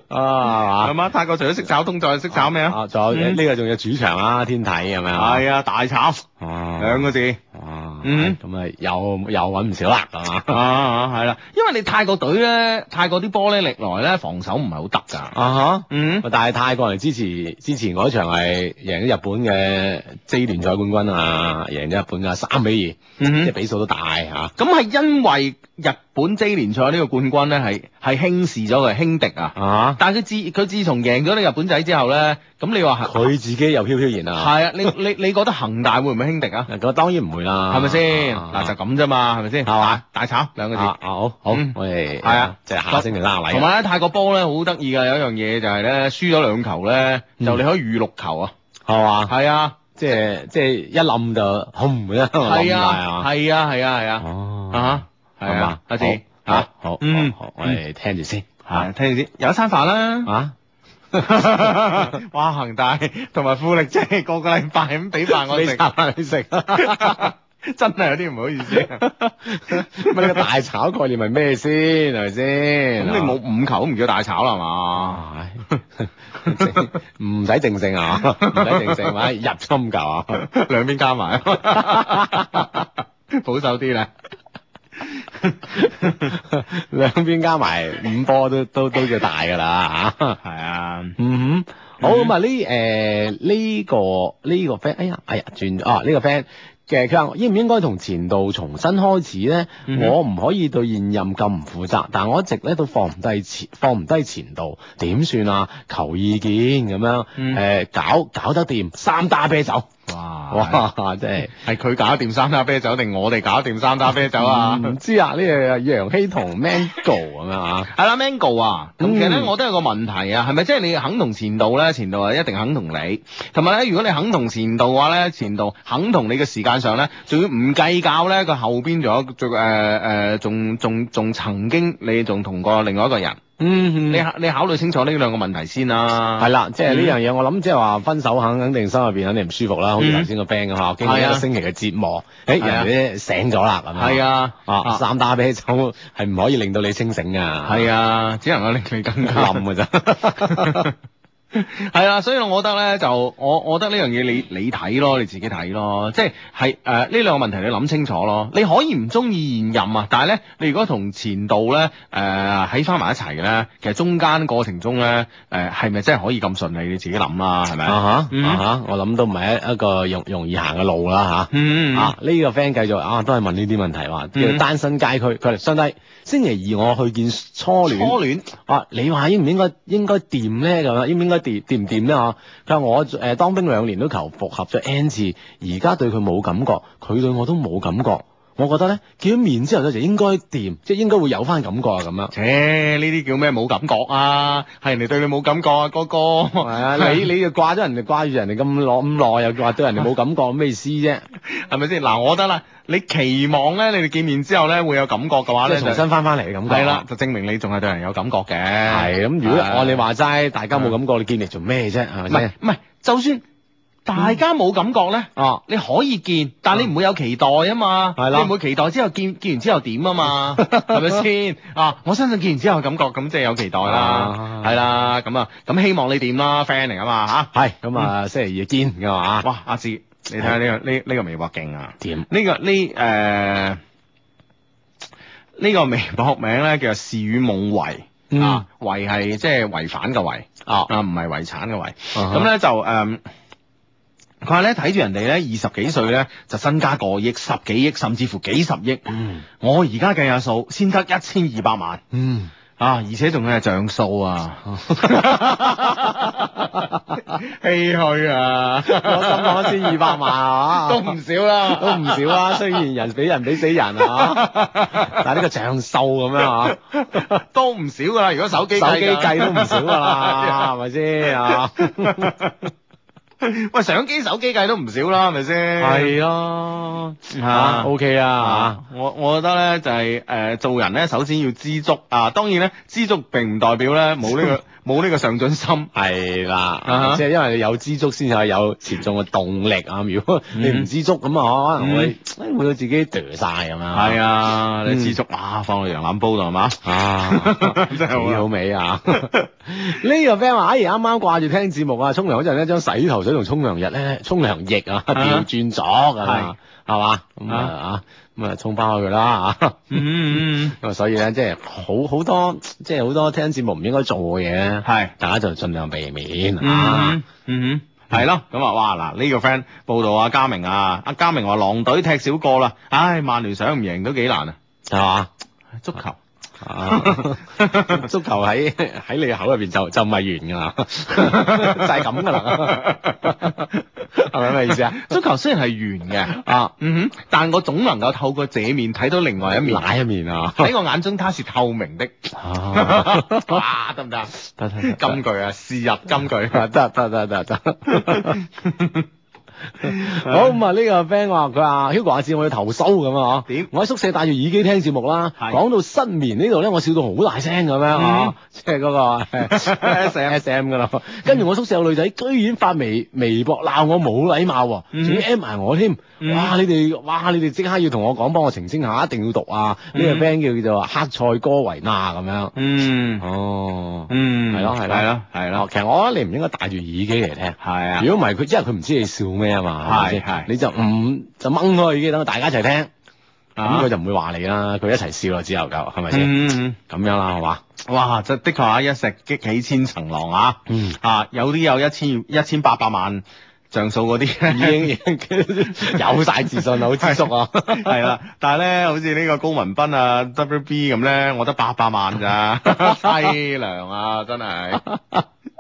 啊，係嘛？阿媽泰國除咗識炒通仲係識炒咩啊？仲有呢個仲有主場啊，天體係咪啊？係啊，大炒啊，兩個字啊，嗯，咁啊又又搵唔少啦，係嘛？啊係啦，因為你泰國隊咧，泰國啲波咧歷來咧防守唔係好得噶，啊哈，嗯，但係泰國嚟支持之前嗰場係贏咗日本嘅 J 聯賽冠軍啊，贏咗日本嘅三比二，嗯，即係比數都大吓，咁係因為。日本 J 聯賽呢個冠軍咧係係輕視咗佢，輕敵啊！啊！但係佢自佢自從贏咗呢日本仔之後咧，咁你話佢自己又飄飄然啊？係啊！你你你覺得恒大會唔會輕敵啊？咁啊，當然唔會啦，係咪先嗱？就咁啫嘛，係咪先係嘛？大炒兩個字好好，我哋係啊，即係下星期拉位。同埋咧，泰國波咧好得意噶，有一樣嘢就係咧，輸咗兩球咧，就你可以預六球啊，係嘛？係啊，即係即係一冧就好轟，係啊係啊係啊哦啊！係啊，阿杰，嚇好，嗯，我哋聽住先，嚇聽住先，有一餐飯啦，嚇，哇，恒大同埋富力即係個個禮拜咁俾飯我哋食，俾飯你食，真係有啲唔好意思。乜嘢大炒概念係咩先？係咪先？咁你冇五球都唔叫大炒啦，係嘛？唔使淨勝啊，唔使淨勝，咪入侵架，兩邊加埋，保守啲咧。兩邊 加埋五波都都都要大噶啦吓，係啊， 嗯哼，好，咁啊呢，誒呢個呢、這個 friend，哎呀哎呀轉啊呢、這個 friend 嘅，佢話應唔應該從前度重新開始咧？嗯、哼我唔可以對現任咁唔負責，但係我一直咧都放唔低前放唔低前度，點算啊？求意見咁樣誒、嗯嗯呃、搞搞得掂三打啤酒。哇哇！哇真係是，係佢搞掂三打啤酒我定我哋搞掂三打啤酒啊？唔、嗯、知啊，呢個楊希同 Mango 咁樣啊、 嗯，係啦 Mango 啊。咁其實咧，我都有個問題啊，係咪即係你肯同前度咧？前度啊一定肯同你。同埋咧，如果你肯同前度嘅話咧，前度肯同你嘅時間上咧，仲要唔計較咧佢後邊仲有仲誒誒仲仲仲曾經你仲同過另外一個人。嗯，你你考慮清楚呢兩個問題先啦、啊。係啦 即係呢樣嘢，我諗即係話分手，肯肯定心入邊肯定唔舒服啦。好似頭先個 friend 咁嗬，經過一個星期嘅折磨，誒、哎，人哋醒咗啦，係啊，是是啊，啊，三打啤酒係唔可以令到你清醒噶，係啊，只能係令佢更加冧噶咋。係啊， 所以我覺得咧就我我覺得呢樣嘢你你睇咯，你自己睇咯，即係係誒呢兩個問題你諗清楚咯。你可以唔中意現任啊，但係咧你如果同前度咧誒喺翻埋一齊咧，其實中間過程中咧誒係咪真係可以咁順利？你自己諗啦、啊，係咪啊吓我諗都唔係一一個容容易行嘅路啦吓。啊呢、mm hmm. 啊這個 friend 繼續啊都係問呢啲問題話叫、啊、單身街區。佢哋相低，星期二我去見初戀初戀戀啊，你話應唔應該應該掂咧咁啊？應唔應該？應該掂掂唔掂咧呵？佢話我誒當兵兩年都求復合咗 N 次，而家對佢冇感覺，佢對我都冇感覺。我覺得咧，見咗面之後咧就應該掂，即係應該會有翻感覺啊咁樣。切，呢啲叫咩？冇感覺啊？係人哋對你冇感覺啊？哥哥，係啊，你你又掛咗人哋，掛住人哋咁耐咁耐，又話對人哋冇感覺，咩意思啫？係咪先？嗱，我覺得啦，你期望咧，你哋見面之後咧會有感覺嘅話咧，重新翻翻嚟嘅感覺。係啦，就證明你仲係對人有感覺嘅。係咁，如果我哋話齋，大家冇感覺，你見你做咩啫？係咪先？唔係，就算。大家冇感覺咧啊？你可以見，但你唔會有期待啊嘛。係啦，你唔會期待之後見見完之後點啊嘛？係咪先啊？我相信見完之後嘅感覺咁，即係有期待啦。係啦，咁啊，咁希望你點啦，friend 嚟啊嘛吓。係咁啊，星期二見嘅嘛。哇，阿志，你睇下呢個呢呢個微博勁啊？點？呢個呢誒呢個微博名咧叫做事與夢違啊，違係即係違反嘅違啊啊，唔係遺產嘅違。咁咧就誒。佢話咧睇住人哋咧二十幾歲咧就身家過億、十幾億，甚至乎幾十億。嗯，我而家計下數先得一千二百萬。嗯，啊而且仲係漲數啊，唏嘘 啊，我諗我先二百萬 少 啊，都唔少啦，都唔少啦。雖然人比人比死人啊，但係呢個漲數咁樣啊， 都唔少噶，啊、啦。如果手機手機計都唔少噶啦，係咪先啊？喂，相機手機計都唔少啦，係咪先？係咯，嚇，O K 啊，我我覺得咧就係誒做人咧，首先要知足啊。當然咧，知足並唔代表咧冇呢個冇呢個上進心。係啦，即係因為你有知足先有有前進嘅動力啊。如果你唔知足咁啊，可能會會到自己掉晒咁啊。係啊，你知足啊，放落羊腩煲度係嘛啊，真係好味啊！呢個 friend 話：哎，啱啱掛住聽節目啊，沖涼嗰陣一將洗頭水。用沖涼日咧，沖涼液啊掉轉咗，係係嘛，咁啊啊咁啊沖翻去佢啦啊。咁所以咧即係好好多即係好多聽節目唔應該做嘅嘢，係大家就盡量避免啊，嗯哼，係咯，咁啊哇，嗱呢個 friend 報道啊，嘉明啊，阿嘉明話狼隊踢少個啦，唉，曼聯想唔贏都幾難啊，係嘛足球。啊！ 足球喺喺你嘅口入邊，就就唔係圓噶啦，就係咁噶啦，係咪咩意思啊？足球雖然係圓嘅啊，嗯哼，但我總能夠透過這面睇到另外一面，哪一面啊？喺 restriction. 我眼中它是透明的，得唔得？得得 金句啊，試入金句啊，得得得得得。好咁啊！呢個 friend 話佢話 Hugo 阿志我要投訴咁啊，點？我喺宿舍戴住耳機聽節目啦，講到失眠呢度咧，我笑到好大聲咁樣啊，即係嗰個 S M S M 噶啦。跟住我宿舍有女仔，居然發微微博鬧我冇禮貌，仲要 at 埋我添。哇！你哋哇！你哋即刻要同我講，幫我澄清下，一定要讀啊！呢個 friend 叫叫做黑塞哥維娜咁樣。嗯，哦，嗯，係咯係咯係咯。其實我覺得你唔應該戴住耳機嚟聽。係啊，如果唔係佢，因為佢唔知你笑咩啊嘛，係，係，你就唔就掹開佢，已經等大家一齊聽，咁佢就唔會話你啦，佢一齊笑啊，之後就，係咪先？咁樣啦，係嘛？哇，就的確啊，一石激起千層浪啊，啊，有啲有一千一千八百萬像素嗰啲已經有晒自信啊，好知足啊，係啦，但係咧，好似呢個高文斌啊，W B 咁咧，我得八百萬咋，淒涼啊，真係。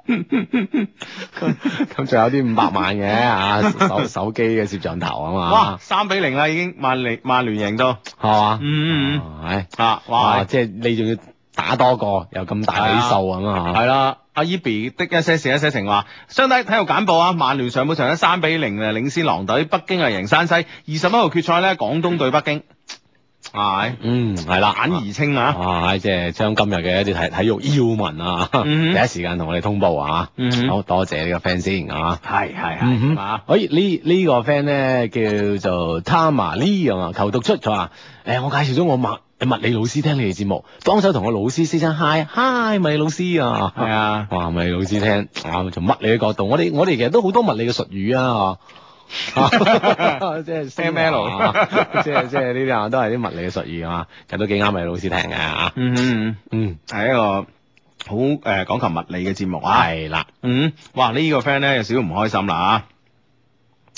咁仲 有啲五百萬嘅啊手，手機嘅攝像頭啊嘛。哇，三比零啦，已經曼聯曼聯贏到係嘛？嗯係、嗯嗯、啊哇，即係你仲要打多個又咁大比數咁啊，係啦，阿 e d e 的一些事一些情話相睇體育簡報啊，曼聯上半場咧三比零誒領先狼隊，北京啊贏山西，二十一號決賽咧廣東對北京。 係，哎、嗯，係啦，簡而清啊，哎就是、啊，即係將今日嘅一啲體體育要聞啊，第一時間同我哋通報啊，好多謝呢個 friend 先，嚇，係係，嗯哼，好，呢呢個 friend 咧叫做 Tama Lee 啊，求讀出咗啊，誒、哎，我介紹咗我物物理老師聽你哋節目，幫手同我老師試聲、嗯、哼 hi hi，物理老師啊，係啊，哇，物理老師聽，啱、啊，從物理嘅角度，我哋我哋其實都好多物理嘅術語啊。 啊！即係 same level 即係即係呢啲啊，都係啲物理嘅術語啊，其實都幾啱俾老師聽嘅嚇。啊、嗯嗯嗯，係一個好誒講求物理嘅節目啊。係啦。嗯。哇！這個、呢個 friend 咧有少少唔開心啦嚇、啊。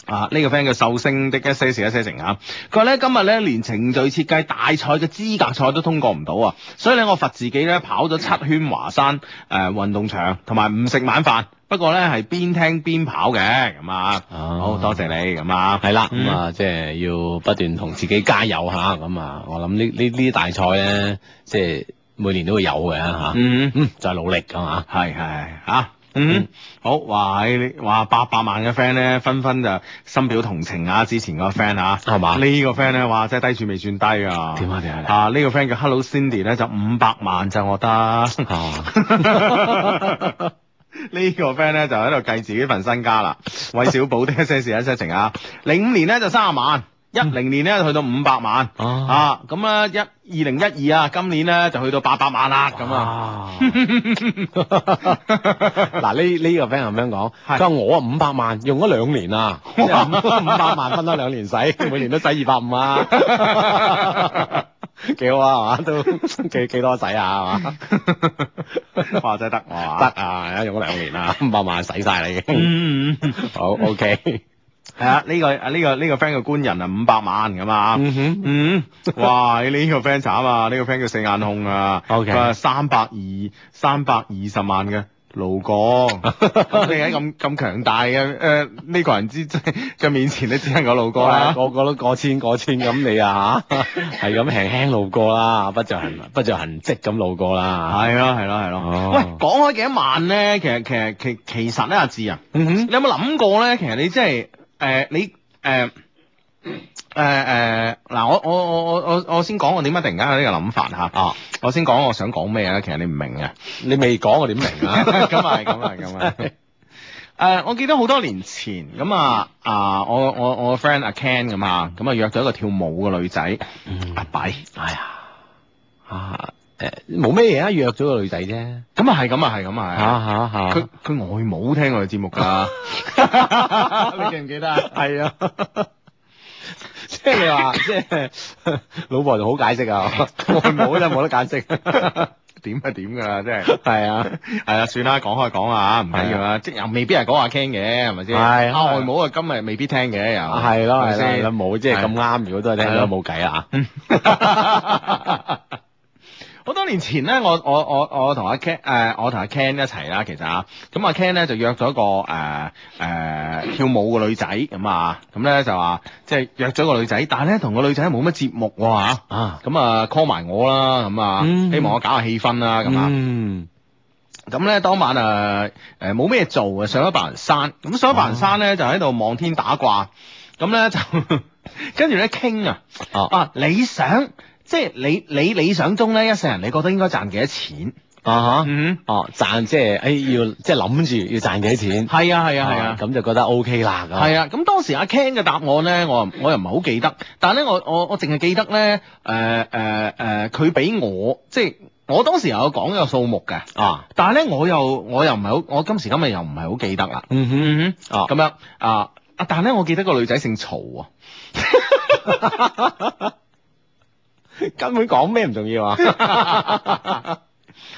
啊！呢、這個 friend 叫壽星的嘅一些事一些情嚇，佢話咧今日咧連程序設計大賽嘅資格賽都通過唔到啊！所以咧我罰自己咧跑咗七圈華山誒、呃、運動場，同埋唔食晚飯。不過咧係邊聽邊跑嘅咁啊好！好多謝你咁啊！係啦，咁啊即係要不斷同自己加油嚇咁啊，啊！我諗呢呢呢啲大賽咧即係每年都會有嘅嚇，啊、嗯嗯，嗯，再努力咁啊！係係啊！嗯，mm hmm. 好，哇喺，哇八百萬嘅 friend 咧，紛紛就深表同情啊，之前嗰個 friend 啊，係嘛吧？個呢個 friend 咧，哇，真係低處未算低啊！點啊點啊，啊呢、啊啊呢個 friend 叫 Hello Cindy 咧，就五百萬就我得，呢個 friend 咧就喺度計自己份身家啦，為小寶啲一些事 一些情啊，零五年咧就卅萬。一零、嗯、年咧去到五百萬啊，咁啊一二零一二啊，今年咧就去到八百萬啦咁啊。嗱呢呢個 friend 咁樣講，佢話我啊五百萬用咗兩年啊，五百萬分咗兩年使，每年都使二百五啊，幾 好啊嘛，都幾幾多使啊嘛。我話真係得，哇，得啊，用咗兩年啊，五百 萬使晒啦已經。 好，OK。係啊，呢個啊呢個呢個 friend 個官人啊五百萬噶嘛，嗯哼，嗯，哇！你呢個 friend 慘啊，呢個 friend 叫四眼控啊，佢係三百二三百二十萬嘅路過，你喺咁咁強大嘅誒呢個人之即嘅面前，你只能夠路過啦，個個都過千過千咁，你啊吓係咁輕輕路過啦，不著痕不著痕迹咁路過啦，係咯係咯係咯。喂，講開幾萬咧，其實其實其其實咧，阿志啊，你有冇諗過咧？其實你真係。誒，你誒誒誒，嗱，我我我我我我先講我點解突然間有呢個諗法吓。哦。我先講我想講咩咧？其實你唔明嘅，你未講我點明啊？咁啊，咁啊，咁啊。誒，我記得好多年前，咁啊啊，我我我 friend 阿 Ken 咁啊，咁啊約咗一個跳舞嘅女仔。嗯。阿擺。哎呀。啊。誒，冇咩嘢啊，約咗個女仔啫。咁啊，係咁啊，係咁啊，係。吓吓吓。佢佢外母聽我哋節目噶。你記唔記得啊？係啊。即係你話，即係老婆就好解釋啊。外母就冇得解釋。點係點噶，即係。係啊，係啊，算啦，講開講啦吓，唔緊要啦。即又未必係講話傾嘅，係咪先？係。外母今日未必聽嘅又。係咯係咯，冇即係咁啱，如果都係聽到冇計啦。好多年前咧，我我我 Ken、呃、我同阿 Ken 我同阿 Ken 一齊啦，其實啊，咁阿 Ken 咧就約咗個誒誒、呃呃、跳舞嘅女仔咁啊，咁咧、啊、就話即係約咗個女仔，但係咧同個女仔冇乜節目喎啊，咁啊，啊 call 埋我啦，咁啊，希望我搞下氣氛啦，咁啊，咁、啊、咧當晚啊，誒冇咩做啊，上咗白雲山，咁上咗白雲山咧就喺度望天打卦，咁咧就 跟住咧傾啊，啊你想？即係你你理想中咧一世人你覺得應該賺幾多錢？uh huh. mm hmm. 啊吓？哦，賺即係誒、哎，要即係諗住要賺幾多錢？係啊係啊係啊，咁、啊啊啊、就覺得 O K 啦咁。係啊，咁當時阿 Ken 嘅答案咧，我我又唔係好記得，但係咧我我我淨係記得咧誒誒誒，佢、呃、俾、呃呃、我即係我當時有講有數目嘅啊，但係咧我又我又唔係好，我今時今日又唔係好記得啦。嗯哼、mm，啊咁樣啊，但係咧我記得個女仔姓曹啊。 根本講咩唔重要啊！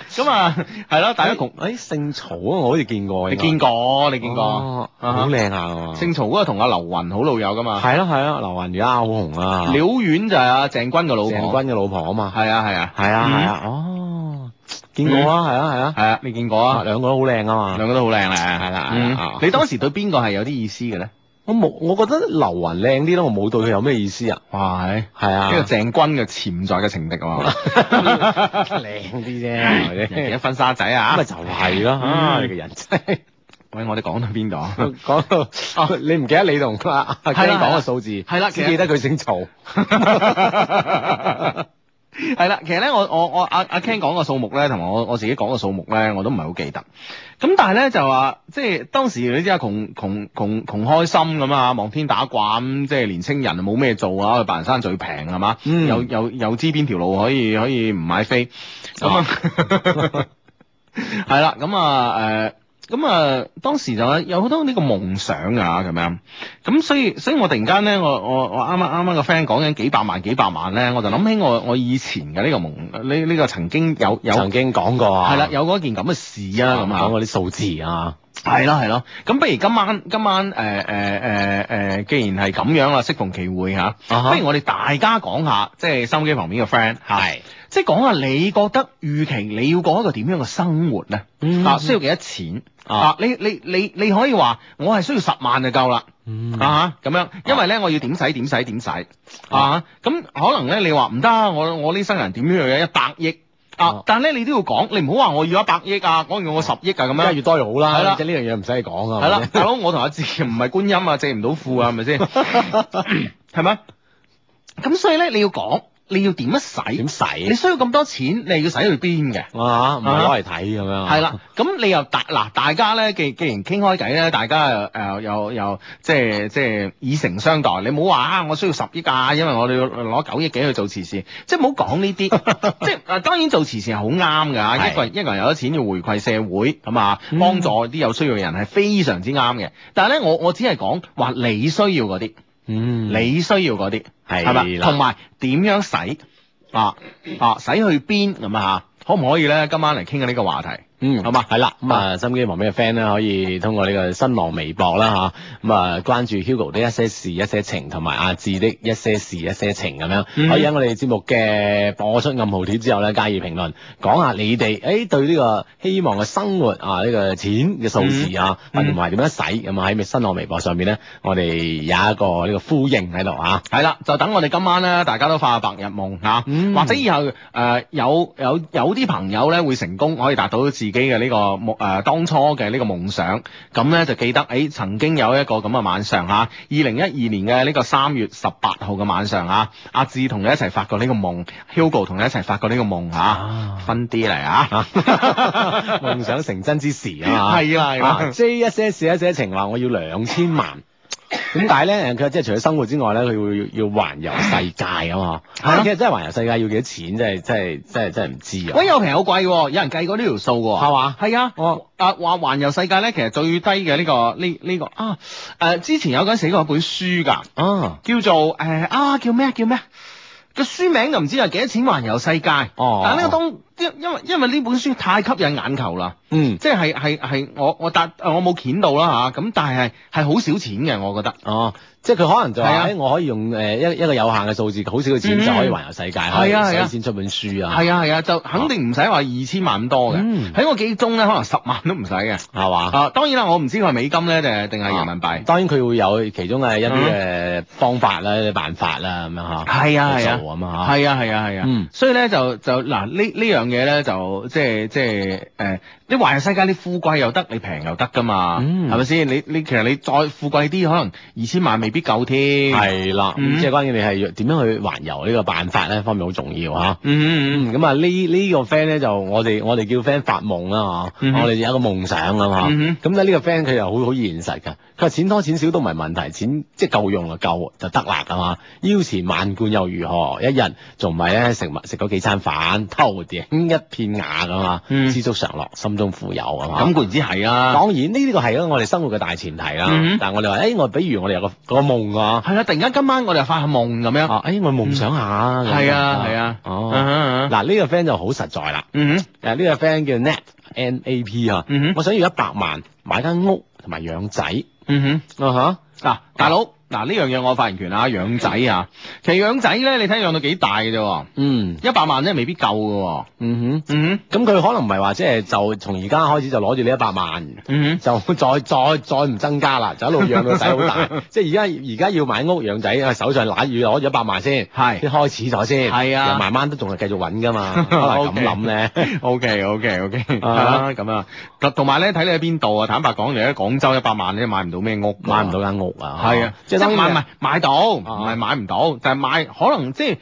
咁啊，係咯，大家共，誒姓曹啊，我好似見過，你見過？你見過？好靚啊！姓曹嗰個同阿劉雲好老友噶嘛？係咯係啊，劉雲而家好紅啊。廖遠就係阿鄭君嘅老婆。鄭君嘅老婆啊嘛。係啊係啊係啊係啊，哦，見過啊，係啊係啊，係啊，未見過啊，兩個都好靚啊嘛。兩個都好靚啊，係啦，你當時對邊個係有啲意思嘅咧？我冇，我覺得劉雲靚啲咯，我冇對佢有咩意思啊。哇，係，係啊，呢個鄭君嘅潛在嘅情敵啊嘛。靚啲啫，人哋一婚紗仔啊。咁咪就係咯，你個人仔。喂，我哋講到邊度？講到，你唔記得你同阿阿 Ken 講嘅數字？係啦，只記得佢姓曹。係啦，其實咧，我我我阿阿 Ken 講嘅數目咧，同我我自己講嘅數目咧，我都唔係好記得。咁但係咧就話，即係當時你知啊，窮窮窮窮開心咁啊，望天打卦咁，即係年青人冇咩做啊，去白雲山最平啊嘛，又又又知邊條路可以可以唔買飛，係啦、哦，咁啊，誒。 咁啊、嗯，當時就有好多呢個夢想啊，咁樣。咁所以，所以我突然間咧，我我啱啱我啱啱啱啱個 friend 講緊幾百萬、幾百萬咧，我就諗起我我以前嘅呢個夢，呢、這、呢個曾經有，有曾經講過啊。係啦，有過一件咁嘅事啊，咁啊。講過啲數字啊。係咯係咯。咁、嗯、不如今晚今晚誒誒誒誒，既然係咁樣啦，適逢其會嚇。啊啊、哈 不如我哋大家講下，即係收機旁邊嘅 friend 係。即係講下，你覺得預期你要過一個點樣嘅生活咧？啊，需要幾多錢啊？你你你你可以話我係需要十萬就夠啦。啊咁樣，因為咧我要點使點使點使啊。咁可能咧你話唔得，我我呢生人點樣要一百億啊？但係咧你都要講，你唔好話我要一百億啊，講完我十億啊咁樣。越多越好啦，即係呢樣嘢唔使你講啊。係啦，大佬我同阿志唔係觀音啊，借唔到庫啊，係咪先？係咪？咁所以咧你要講。你要點樣使？點使？你需要咁多錢，你係要使去邊嘅？啊，唔係攞嚟睇咁樣。係啦、嗯，咁你又大嗱，大家咧既，既然傾開偈咧，大家誒誒又又即係即係以誠相待。你唔好話啊，我需要十億啊，因為我哋要攞九億幾去做慈善，即係唔好講呢啲。 即係啊，當然做慈善係好啱噶，的一個人一個人有咗錢要回饋社會，咁啊幫助啲有需要嘅人係非常之啱嘅。嗯、但係咧，我我只係講話你需要嗰啲。嗯，你需要啲，係係咪，同埋點樣使啊啊？使、啊、去邊，咁啊吓？可唔可以咧？今晚嚟傾下呢個話題。嗯，好嘛，係啦，咁啊，心機忙咩嘅 friend 咧，可以通過呢個新浪微博啦，吓咁啊，關注 Hugo 的一些事、一些情，同埋阿志的一些事、一些情咁樣，可以喺我哋節目嘅播出暗號貼之後咧，加以評論，講下你哋誒對呢個希望嘅生活啊，呢個錢嘅數字啊，同埋點樣使，咁啊喺新浪微博上面咧，我哋有一個呢個呼應喺度啊，係啦，就等我哋今晚咧，大家都發白日夢吓，或者以後誒有有有啲朋友咧會成功可以達到自自己嘅呢、這個夢誒、呃，當初嘅呢個夢想，咁呢就記得誒、欸，曾經有一個咁嘅晚上吓，二零一二年嘅呢個三月十八號嘅晚上吓，阿、啊、志同你一齊發過呢個夢，Hugo 同你一齊發過呢個夢吓，分啲嚟啊，夢想成真之時啊，係啊，j 一些一 些一 些情，話我要兩千萬。咁但係咧，佢即係除咗生活之外咧，佢會要要環遊世界啊嘛。係、啊，其實即係環遊世界要幾多錢？即係真係真係真係唔知啊。喂，我平好貴，有人計過呢條數喎。係嘛吧？係啊。我、哦、啊話環遊世界咧，其實最低嘅呢、這個呢呢、這個啊誒、啊，之前有個人寫過一本書噶，嗯、啊呃啊，叫做誒啊叫咩叫咩？個書名就唔知係幾多錢環遊世界，哦，但係呢個當，因為因為呢本書太吸引眼球啦，嗯，即係係係係我我達誒我冇錢到啦吓，咁但係係好少錢嘅我覺得哦。即係佢可能就話，誒，我可以用誒一一個有限嘅數字，好少嘅錢就可以環遊世界，係啊，先出本書啊。係啊，係啊，就肯定唔使話二千萬咁多嘅，喺我記憶中咧，可能十萬都唔使嘅，係嘛？啊，當然啦，我唔知佢係美金咧，定定係人民幣。當然佢會有其中嘅一啲嘅方法啦、辦法啦咁樣嚇。係啊，係啊，係啊，係啊，係啊。嗯，所以咧就就嗱呢呢樣嘢咧就即係即係誒，你環遊世界，你富貴又得，你平又得㗎嘛，係咪先？你你其實你再富貴啲，可能二千萬未必。啲夠添，係啦，mm hmm. 即係關鍵你係點樣去環遊呢個辦法咧，方面好重要吓。咁啊、mm hmm. 這個、呢呢個 friend 咧就我哋我哋叫 friend 發夢啦，嗬、mm，hmm. 我哋有一個夢想啊嘛。咁但呢個 friend 佢又好好現實噶，佢話錢多錢少都唔係問題，錢即係夠用啦，夠就得啦，係嘛。腰纏萬貫又如何？一日仲唔係咧食物食嗰幾餐飯，偷啲一片瓦，係嘛、mm？Hmm. 知足常樂，心中富有，啊嘛？咁固然之係啊，當然呢啲、這個係我哋生活嘅大前提啦。Mm hmm. 但係我哋話，誒、欸，我比如我哋有個有個。夢啊，係 啊，突然間今晚我哋又發、啊哎、下夢咁、嗯、樣，誒，我夢想下，係啊係啊，哦，嗱呢個 friend 就好實在啦，嗯哼，嗱，呢個 friend 叫 n e t N A P 啊，嗯哼，我想要一百萬買間屋同埋養仔，嗯哼，uh huh. 啊吓，嗱大佬。啊嗱呢樣嘢我發言權啊，養仔啊，其實養仔咧，你睇養到幾大嘅啫，嗯，一百萬咧未必夠㗎，嗯哼，嗯咁佢可能唔係話即係就從而家開始就攞住呢一百萬，嗯就再再再唔增加啦，就一路養到仔好大，即係而家而家要買屋養仔，啊，手上揦住攞住一百萬先，係，啲開始咗先，係啊，慢慢都仲係繼續揾㗎嘛，可能咁諗咧，OK OK OK，咁啊，同埋咧睇你喺邊度啊，坦白講，你喺廣州一百萬你買唔到咩屋，買唔到間屋啊，係啊，即買唔係買到，唔係買唔到，的但係買可能即係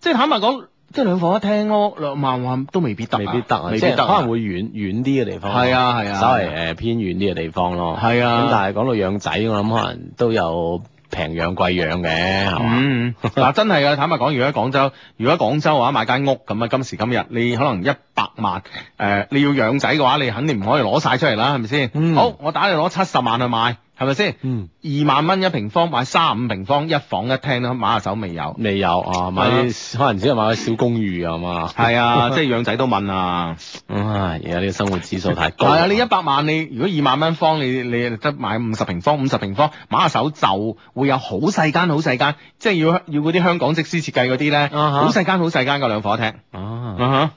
即係坦白講，即係兩房一廳屋、啊，兩萬萬都未必得、啊，未必得、啊，即未必得、啊，可能會遠遠啲嘅地方，係啊係啊，稍微誒偏遠啲嘅地方咯，係啊。咁但係講到養仔，我諗可能都有平養貴養嘅，係嘛？嗱，真係啊。坦白講，如果喺廣州，如果喺廣州嘅話買間屋咁啊，今時今日你可能一百萬誒、呃，你要養仔嘅話，你肯定唔可以攞晒出嚟啦，係咪先？嗯、好，我打你攞七十萬去買。係咪先？嗯，二萬蚊一平方買三五平方一房一廳咯，買下手未有？未有啊，買可能只係買個小公寓啊嘛。係啊，即係養仔都問啊。啊，而家呢個生活指數太高。係啊，你一百萬你如果二萬蚊方，你你得買五十平方，五十平方買下手就會有好細間好細間，即係要要嗰啲香港即師設計嗰啲咧，好細間好細間嘅兩房一廳。啊，啊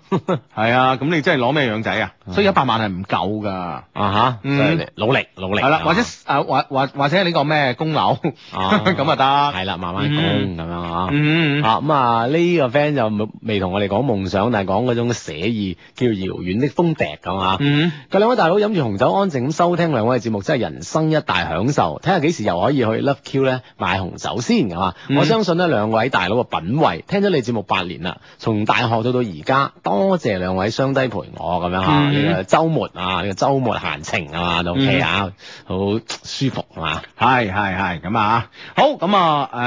係啊，咁你真係攞咩養仔啊？所以一百萬係唔夠噶。啊哈，努力努力。係啦，或者或或或者你講咩供樓啊，咁啊得係啦，慢慢講咁、mm hmm. 樣、mm hmm. 啊，啊咁啊呢個 friend 就未同我哋講夢想，但係講嗰種寫意叫遙遠的風笛咁啊。嗯，mm hmm. 兩位大佬飲住紅酒，安靜咁收聽兩位嘅節目，真係人生一大享受。睇下幾時又可以去 Love Q 咧買紅酒先嚇。Mm hmm. 我相信呢兩位大佬嘅品味，聽咗你節目八年啦，從大學到到而家，多謝兩位雙低陪我咁樣嚇。呢個、mm hmm. 週末啊，呢個周末閒情啊嘛，OK 啊，都啊 mm hmm. 好。舒服係嘛？係係係咁啊！好咁啊，誒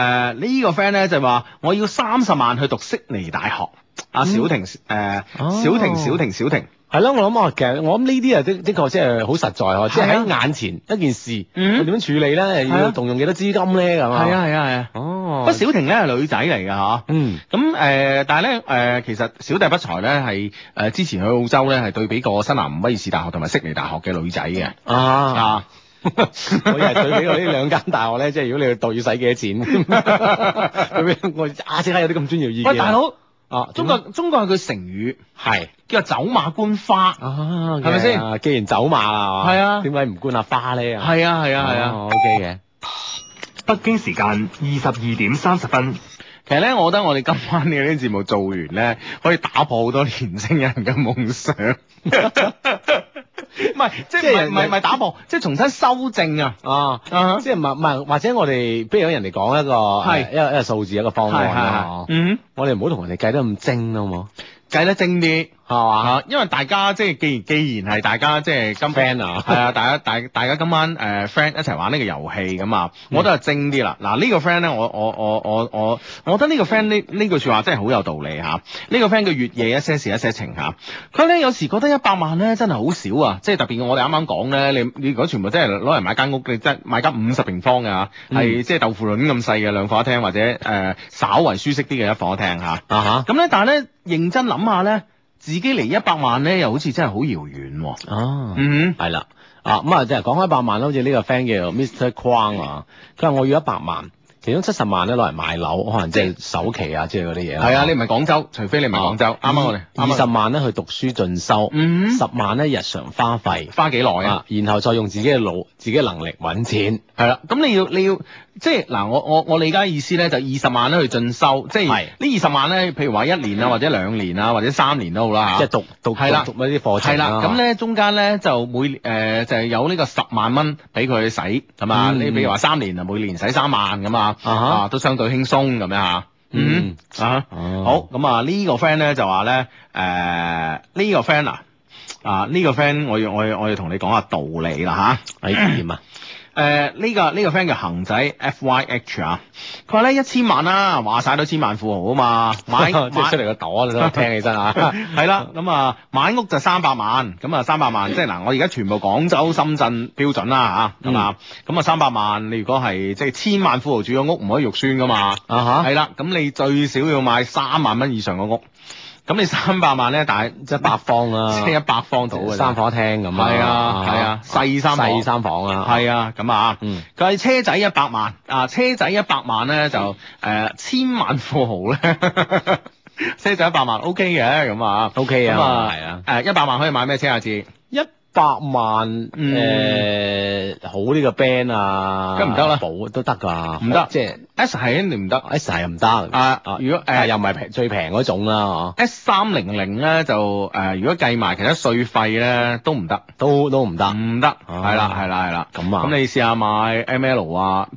呢個 friend 咧就話我要三十萬去讀悉尼大學。阿小婷誒小婷小婷小婷係咯，我諗啊，其實我諗呢啲啊的的確即係好實在哦，即係喺眼前一件事，佢點樣處理咧，要動用幾多資金咧咁啊？係啊係啊係啊！哦，不過小婷咧係女仔嚟㗎吓，嗯咁誒，但係咧誒，其實小弟不才咧係誒之前去澳洲咧係對比過新南威爾士大學同埋悉尼大學嘅女仔嘅啊啊。 我以家佢畀我呢兩間大學咧，即係如果你去讀要使幾多錢？ 我啊，即刻有啲咁專業意見。喂，大佬，啊，中國樣中國係句成語，係是叫做走馬觀花啊，係咪先？既然走馬啦，係啊，點解唔觀下花咧？係啊係啊係啊，啊，OK 嘅的。北京時間二十二點三十分，其實咧，我覺得我哋今晚嘅呢個節目做完咧，可以打破好多年青人嘅夢想。 唔係， 是即係唔係唔係打破，即係重新修正啊！啊， 即係唔係唔係？ 或者我哋，比如人哋講一個係是一個一個數字一個方案啊！是是是嗯，我哋唔好同人哋計得咁精咯，好冇？計得精啲。係、哦、因為大家即係，既然既然係大家即係 friend 啊，係啊，大家大大家今晚誒、呃、friend 一齊玩呢個遊戲咁啊、嗯這個，我都係精啲啦。嗱呢個 friend 咧，我我我我我，我覺得呢個 friend 呢呢句説話真係好有道理嚇。呢、啊呢個 friend 叫月夜一些事一些情嚇，佢、啊、咧有時覺得一百萬咧真係好少啊，即係特別我哋啱啱講咧，你你如果全部真係攞嚟買間屋，你真係買間五十平方嘅嚇，係、嗯、即係豆腐卵咁細嘅兩房一廳或者誒、呃、稍為舒適啲嘅一房一廳嚇。啊嚇咁咧，但係咧認真諗下咧。自己嚟一百萬咧，又好似真係好遙遠哦。嗯，係啦，啊咁啊，即係噁心、啊啊、講開一百萬啦。好似呢個 friend 叫 Mr Quang 啊，佢話我要一百萬，其中七十萬咧攞嚟買樓，可能即係首期啊，即係嗰啲嘢。係啊，啊你唔係廣州，除非你唔係廣州啱啱、啊嗯、我哋二十萬咧、啊、去讀書進修，嗯，十萬咧日常花費，花幾耐啊？然後、啊啊、再用自己嘅腦、自己嘅能力揾錢，係啦。咁你要你要。你要你要即係嗱，我我我理解意思咧，就二十萬咧去進修，即係呢二十萬咧，譬如話一年啊，或者兩年啊，或者三年都好啦，即係讀讀係啦，讀啲課程係啦，咁咧中間咧就每誒就係有呢個十萬蚊俾佢使，係嘛？你譬如話三年啊，每年使三萬咁啊，啊都相對輕鬆咁樣吓。嗯啊，好咁啊，呢個 friend 咧就話咧誒呢個 friend 啊啊呢個 friend 我要我我要同你講下道理啦吓。係點啊？誒，呢、呃這個呢、這個 friend 叫恒仔 F Y H 啊，佢話咧一千萬啦、啊，話晒都千萬富豪啊嘛，買即係出嚟個朵都聽起身啊，係啦，咁啊買屋就三百萬，咁啊 三百萬，即係嗱我而家全部廣州深圳標準啦吓，咁啊咁啊、嗯、三百萬，你如果係即係千萬富豪住嘅屋唔可以肉酸噶嘛，啊哈、uh，係、huh. 啦，咁你最少要買三萬蚊以上嘅屋。咁你三百萬咧，大一百方啊，即係一百方到嘅三房一廳咁啊，係啊，係啊，細、啊、三，細三房啊，係啊，咁啊，嗯，佢係車仔一百萬啊，車仔一百萬咧、嗯、就誒、呃、千萬富豪咧， 車仔一百萬 OK 嘅，咁啊，OK 啊，係啊，誒一百萬可以買咩車啊，志？一。百萬誒好呢個 band 啊，得唔得啦，保都得㗎，唔得，即係 S 係肯定唔得，S 係又唔得啊，如果誒又唔係平最平嗰種啦，S 三零零咧就誒，如果計埋其他稅費咧都唔得，都都唔得，唔得，係啦係啦係啦，咁啊，咁你試下買 ML 啊。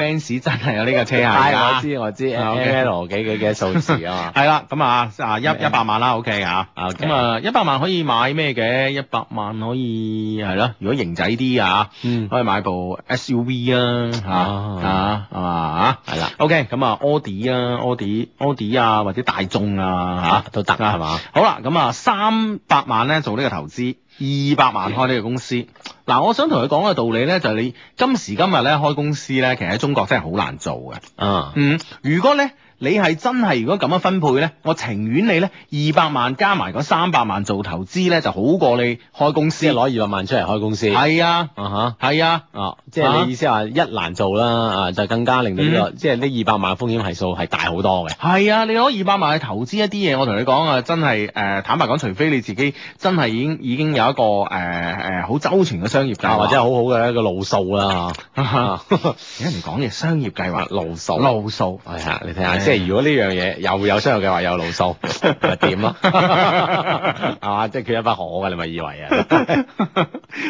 fans 真係有呢個車啊！係，我知我知，L 幾多幾幾數字啊嘛？係啦，咁啊，啊一一百萬啦，OK 嚇，咁啊一百萬可以買咩嘅？一百萬可以係咯，如果型仔啲啊，可以買部 SUV 啊嚇嚇係嘛嚇？係啦，OK，咁啊，Audi 啊，Audi，Audi 啊，或者大眾啊嚇都得係嘛？好啦，咁啊三百萬咧做呢個投資。二百萬開呢個公司，嗱，我想同佢講嘅道理咧，就係你今時今日咧開公司咧，其實喺中國真係好難做嘅。嗯，uh. 嗯，如果咧。你係真係如果咁樣分配呢？我情願你呢，二百萬加埋嗰三百萬做投資呢，就好過你開公司。攞二百萬出嚟開公司。係啊，啊嚇、uh，係、huh. 啊，uh huh. 即係你意思話一難做啦，啊就更加令到、mm hmm. 即係啲二百萬風險係數係大好多嘅。係啊，你攞二百萬去投資一啲嘢，我同你講啊，真係誒坦白講，除非你自己真係已經已經有一個誒誒好周全嘅商業計劃、啊、或者好好嘅一個路數啦。嚇， 而家唔講嘅商業計劃路數路數係啊、哎，你睇下即係如果呢樣嘢又有傷嘅話有路數，咪點咯？係 嘛、啊？即、就、係、是、缺一不可㗎，你咪以為啊？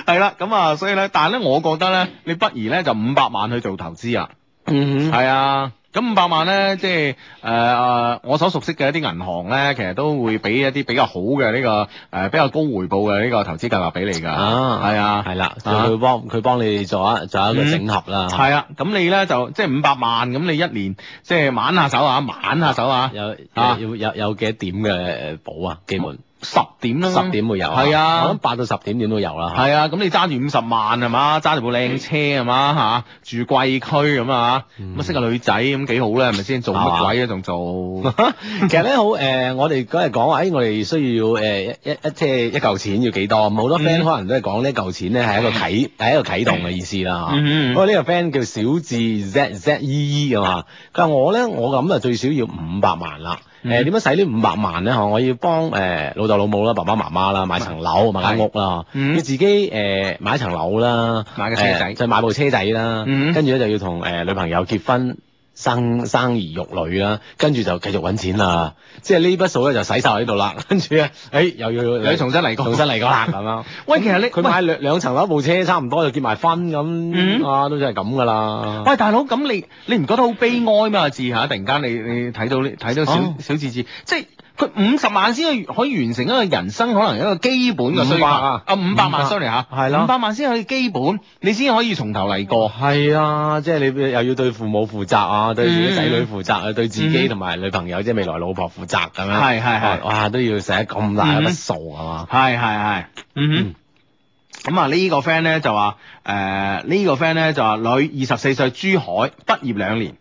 係 啦， 咁啊，所以咧，但係咧，我覺得咧，你不如咧就五百萬去做投資啊！嗯哼，係啊。咁五百萬咧，即係誒誒，我所熟悉嘅一啲銀行咧，其實都會俾一啲比較好嘅呢、呢個誒、呃，比較高回報嘅呢個投資計劃俾你噶。啊，係啊，係啦、啊，就佢、啊、幫佢、啊、幫、幫你做一做一個整合啦。係、嗯、啊，咁你咧就即係五百萬，咁你一年即係挽下手啊，挽下手啊。有啊，有有有幾多點嘅誒保啊？基本、嗯。十點啦、啊，十點會有係啊，我諗八到十點點都有啦。係啊，咁你揸住五十萬係嘛，揸住部靚車係嘛吓，住貴區咁啊，咁啊識個女仔咁幾好啦，係咪先？做乜鬼啊仲做？ 其實咧好誒、呃，我哋嗰日講話，誒，我哋需要誒、呃、一一一即係一嚿錢要幾多？好多 friend 可能都係講呢嚿錢咧係一個啟係、嗯、一個啟動嘅意思啦。嗯，不過呢個 friend 叫小志 Z Z E E 咁嘛。但係我咧我諗啊最少要五百萬啦。誒，點樣使呢五百萬咧？嗬，我要幫誒老豆老母啦、爸爸媽媽啦買層樓、買間屋啦。嗯、mm。Hmm. 要自己誒、呃、買一層樓啦，買個車仔，再、呃、買部車仔啦。嗯、mm。Hmm. 跟住咧就要同誒、呃、女朋友結婚。生生兒育女啦，跟住就繼續搵錢啦，即係呢筆數咧就使晒喺度啦，跟住咧，誒、哎、又要又要重新嚟過， 重新嚟過啦，咁樣。喂，其實你佢喂買兩兩層樓一部車差唔多就結埋婚咁、嗯、啊，都真係咁噶啦。喂，大佬，咁你你唔覺得好悲哀咩？字下突然間你你睇到呢睇到小、哦、小字字，即係。佢五十萬先可以完成一個人生可能一個基本嘅需求啊！五百萬 sorry 吓，係啦，五百萬先可以基本，你先可以從頭嚟過。係啊，即係你又要對父母負責,、啊嗯、責啊，對自己仔女負責，對自己同埋女朋友、嗯、即係未來老婆負責咁、啊、樣。係係係，哇！都要寫咁大筆數係嘛？係係係，嗯哼。咁啊，呢、呃這個 friend 咧就話誒，呢個 friend 咧就話女二十四歲，珠海畢業兩年。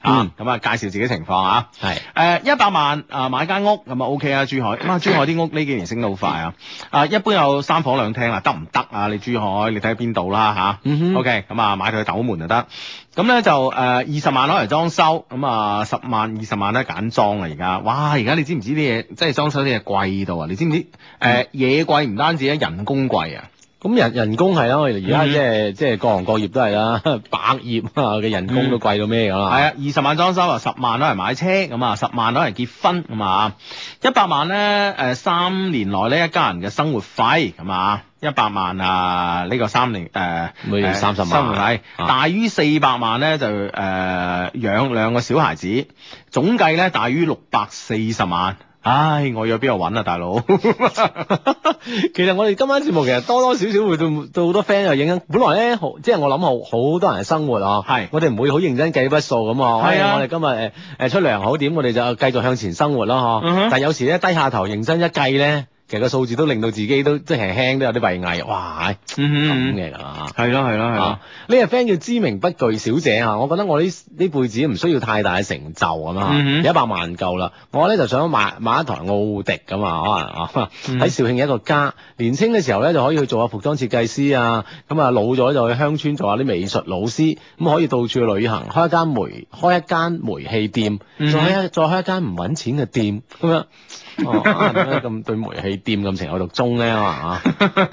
嗯、啊，咁、嗯、啊，介紹自己情況啊，係誒、呃、一百萬啊、呃、買間屋咁啊 O K 啊，珠海咁啊 珠海啲屋呢幾年升得好快啊，啊、呃、一般有三房兩廳啊，得唔得啊？你珠海你睇下邊度啦吓，O K，咁啊，啊、嗯哼 okay, 嗯、買佢去斗門就得，咁、嗯、咧就誒、呃、二十萬攞嚟裝修，咁、嗯、啊十萬二十萬咧揀裝啊，而家哇，而家你知唔知啲嘢即係裝修啲嘢貴到啊？你知唔知誒嘢貴唔單止啊，人工貴啊？咁人人工係啦，我哋而家即係即係各行各業都係啦，百業嘅人工都貴到咩咁啦？係啊，二十萬裝修，啊，十萬攞嚟買車咁啊，十萬攞嚟結婚咁啊，一百萬咧誒三年內咧一家人嘅生活費咁啊，一百萬啊呢、呢個三年誒每三十萬生活費大於四百萬咧就誒、呃、養兩個小孩子總計咧大於六百四十萬。唉，我有邊度揾啊，大佬。 其實我哋今晚節目其實多多少少會對對好多 friend 有影響。本來咧，即係我諗好好多人生活啊，係是，我哋唔會好認真計筆數咁。係啊，我哋今日誒誒出糧好點，我哋就繼續向前生活咯。嗬、嗯哼。但係有時咧，低下頭認真一計咧。其實個數字都令到自己都即係輕都有啲閉翳，哇咁嘅、嗯、哼啊，係咯係咯係啊！呢、這個 friend 叫知名不具小姐啊，我覺得我呢呢輩子唔需要太大嘅成就咁啊，嗯、哼一百萬夠啦。我呢就想買買一台奧迪噶嘛，啊喺肇慶一個家。年輕嘅時候呢，就可以去做下服裝設計師啊，咁啊老咗就去鄉村做下啲美術老師，咁、啊嗯、哼可以到處去旅行，開一間煤開一間煤氣店再，再開一間唔搵錢嘅店咁樣。啊 哦，咁、啊、對煤氣店咁情有獨鍾咧？啊，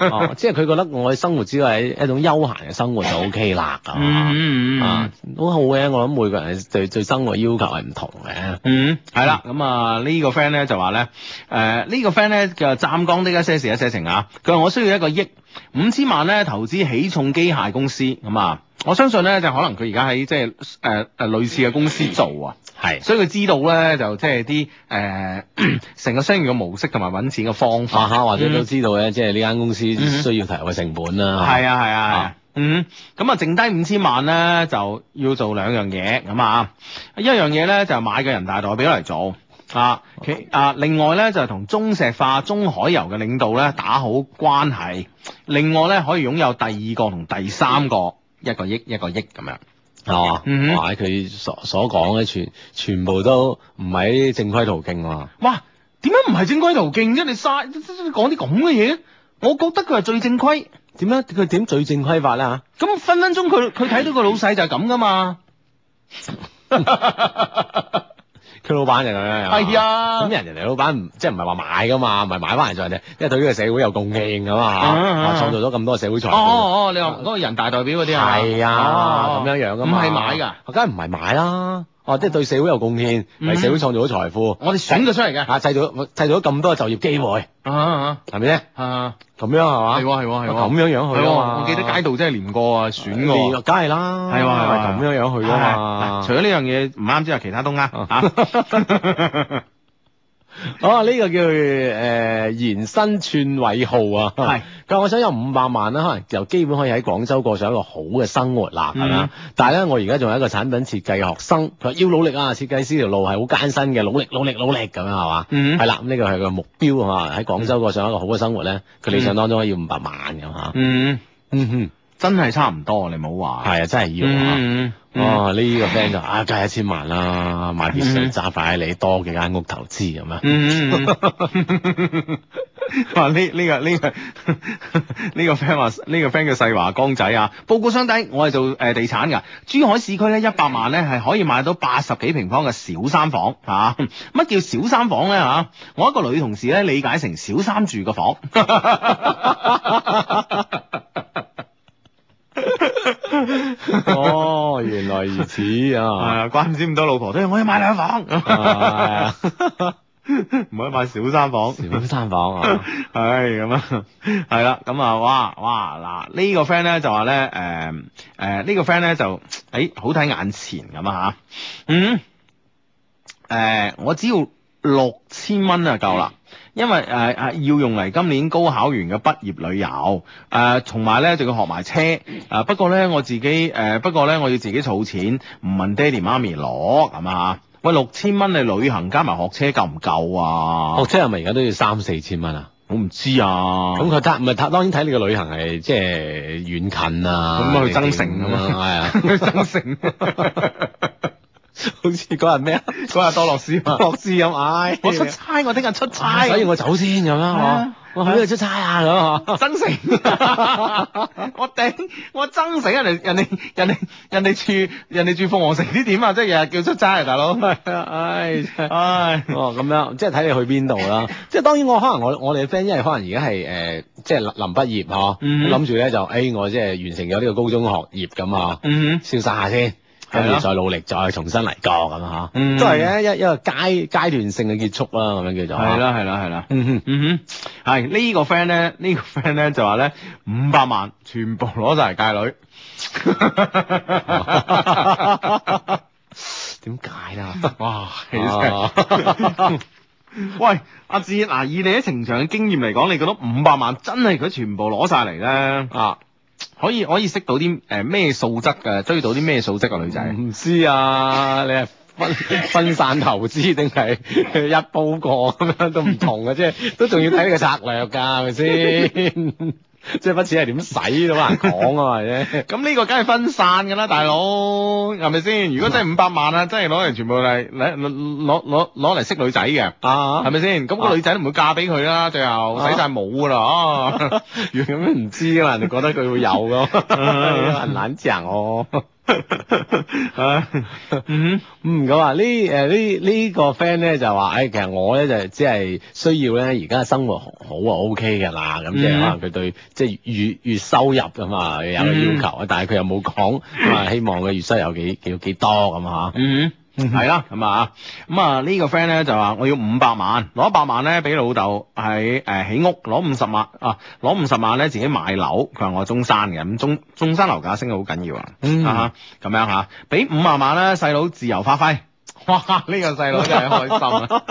哦、啊，即係佢覺得我嘅生活只係一種休閒嘅生活就 O K 啦，嗯嗯、啊，嗯嗯、都好嘅。我諗每個人對對生活要求係唔同嘅。嗯，係啦，咁啊呢個 friend 咧就話咧，誒、呃、呢、呢個 friend 咧就湛江呢家一些事一些情啊。佢話我需要一個億五千萬咧投資起重機械公司咁啊、嗯，我相信咧就是、可能佢而家喺即係誒誒類似嘅公司做啊。係，所以佢知道咧，就即係啲誒成個商業嘅模式同埋揾錢嘅方法、啊、或者都知道咧，嗯、即係呢間公司需要投入嘅成本啦。係啊係啊，啊啊啊嗯，咁啊剩低五千萬咧，就要做兩樣嘢咁啊，一樣嘢咧就是、買個人大代表嚟做啊，啊，另外咧就同、是、中石化、中海油嘅領導咧打好關係，另外咧可以擁有第二個同第三個、嗯、一個億一個億咁樣。係嘛？唔係佢所所講嘅全全部都唔係正規途徑喎。哇！點解唔係正規途徑啫？你曬講啲咁嘅嘢，我覺得佢係最正規。點樣？佢點最正規法咧嚇？咁、啊、分分鐘佢佢睇到個老細就係咁噶嘛。 佢老闆就咁樣，係、哎、呀啊，咁人人哋老闆唔即係唔係話買噶嘛，唔係買翻嚟就人哋，因為對呢個社會有貢獻噶嘛，嚇、啊啊啊啊，創造咗咁多社會財富、啊。哦、啊，你話嗰個人大代表嗰啲啊，係啊，咁、啊、樣樣咁，嘛，唔係買噶，梗係唔係買啦。哦，即係對社會有貢獻，為社會創造咗財富。我哋選咗出嚟嘅，啊，製造，製造咗咁多嘅就業機會，啊，係咪先？啊，咁樣係嘛？係係係，咁樣樣去。我記得街道真係連過啊，選過，梗係啦，係嘛？咁樣樣去。除咗呢樣嘢唔啱之外，其他都啱啊。好啊，呢、 哦這個叫誒、呃、延伸串位號啊，係是。咁我想有五百萬啦，可能就基本可以喺廣州過上一個好嘅生活啦，係嘛、嗯？但係咧，我而家仲係一個產品設計學生，佢話要努力啊，設計師條路係好艱辛嘅，努力努力努力咁樣係嘛？嗯，係啦，呢個係個目標啊，喺廣州過上一個好嘅生活咧，佢、嗯嗯、理想當中可以要五百萬嘅嚇。啊、嗯，嗯哼。真係差唔多，你唔好話。係啊，真係要啊。呢個 friend 就啊，計、這個啊、一千萬啦，買啲地，賺快喺你多幾間屋投資咁樣。話呢呢個呢、這個呢 個 friend、這個、話，呢個 friend 叫細華江仔啊。報告雙底，我係做誒、呃、地產㗎。珠海市區咧一百萬咧係可以買到八十幾平方嘅小三房嚇。乜、啊、叫小三房咧嚇、啊？我一個女同事咧理解成小三住嘅房。 哦，原來如此啊！係啊， 關唔知咁多老婆都要買買，我要買兩房，唔可以買小三房，小三房啊！係咁啊，係啦，咁、這、啊、個，哇哇嗱，呢、呃這個 friend 咧就話咧，誒誒，呢個 friend 咧就，誒、欸，好睇眼前咁啊吓，嗯，誒、呃，我只要六千蚊就夠啦。因為誒誒、呃、要用嚟今年高考完嘅畢業旅遊，誒同埋咧就要學埋車，誒、呃、不過咧我自己誒、呃、不過咧我要自己儲錢，唔問爹哋媽咪攞係嘛？喂，六千蚊係旅行加埋學車夠唔夠啊？學車係咪而家都要三四千蚊啊？我唔知啊，咁佢得唔係當然睇你嘅旅行係即係遠近啊。咁去增城咁嘛？係啊，去增城。好似嗰日咩啊？嗰日多樂斯嘛？樂斯咁唉！我出差，我聽日出差，啊。所以我先走先咁樣，啊 啊、我去邊度出差啊？咁 啊憎成，真 誠， 我頂，我真誠人哋人哋人哋人哋住人哋住鳳凰城啲點啊？即係日日叫出差啊，大 佬、哎。唉唉，咁樣，即係睇你去邊度啦。 即係當然我可能我我哋嘅 friend，因為可能而家係誒即係臨畢業嚇，諗住咧就誒我即係完成咗呢個高中學業咁嚇，瀟灑下先。跟住再努力，再重新嚟過咁啊吓，都係嘅，一一個階階段性嘅結束啦，咁樣叫做。係啦，係啦，係啦。嗯哼，嗯哼，係呢個 friend 咧，呢個 friend 咧就話咧五百萬全部攞晒嚟戒女。點解咧？哇，其實，喂，阿志，嗱，以你喺情場嘅經驗嚟講，你覺得五百萬真係佢全部攞晒嚟咧？啊！可以可以識到啲誒咩素質㗎，追到啲咩素質㗎女仔？唔知啊，你係分分散投資定係一煲過咁樣都唔同嘅，即係 都仲要睇你個策略㗎，係咪先？ 即係筆錢係點使都難講啊嘛啫！咁呢 個梗係分散㗎啦，大佬係咪先？如果真係五百萬啊，啊，真係攞嚟全部嚟嚟攞攞攞嚟識女仔嘅啊，係咪先？咁個女仔都唔會嫁俾佢啦，最後使晒冇㗎啦。如果咁樣唔知啦，人哋覺得佢會有咯，好難賬哦。係嗯嗯咁啊，呃這個、呢，誒呢呢個 friend 咧就話，誒、哎、其實我咧就即係需要咧，而家生活好啊 O K 噶啦，咁、OK mm hmm. 即係可能佢對即係月月收入咁嘛，有個要求，mm hmm. 但係佢又冇講啊，希望嘅月收入有幾幾幾，幾多咁啊？嗯。Mm hmm. 嗯，係啦咁啊，咁啊、這個、呢個 friend 咧就話我要五百萬，攞一百萬咧俾老豆喺誒起屋，攞五十萬啊，攞五十萬咧自己買樓。佢話我中山嘅，咁中中山樓價升得好緊要啊，嗯，吓， 咁、啊、樣吓、啊，俾五萬萬咧細佬自由發揮。哇！呢個細佬真係開心啊！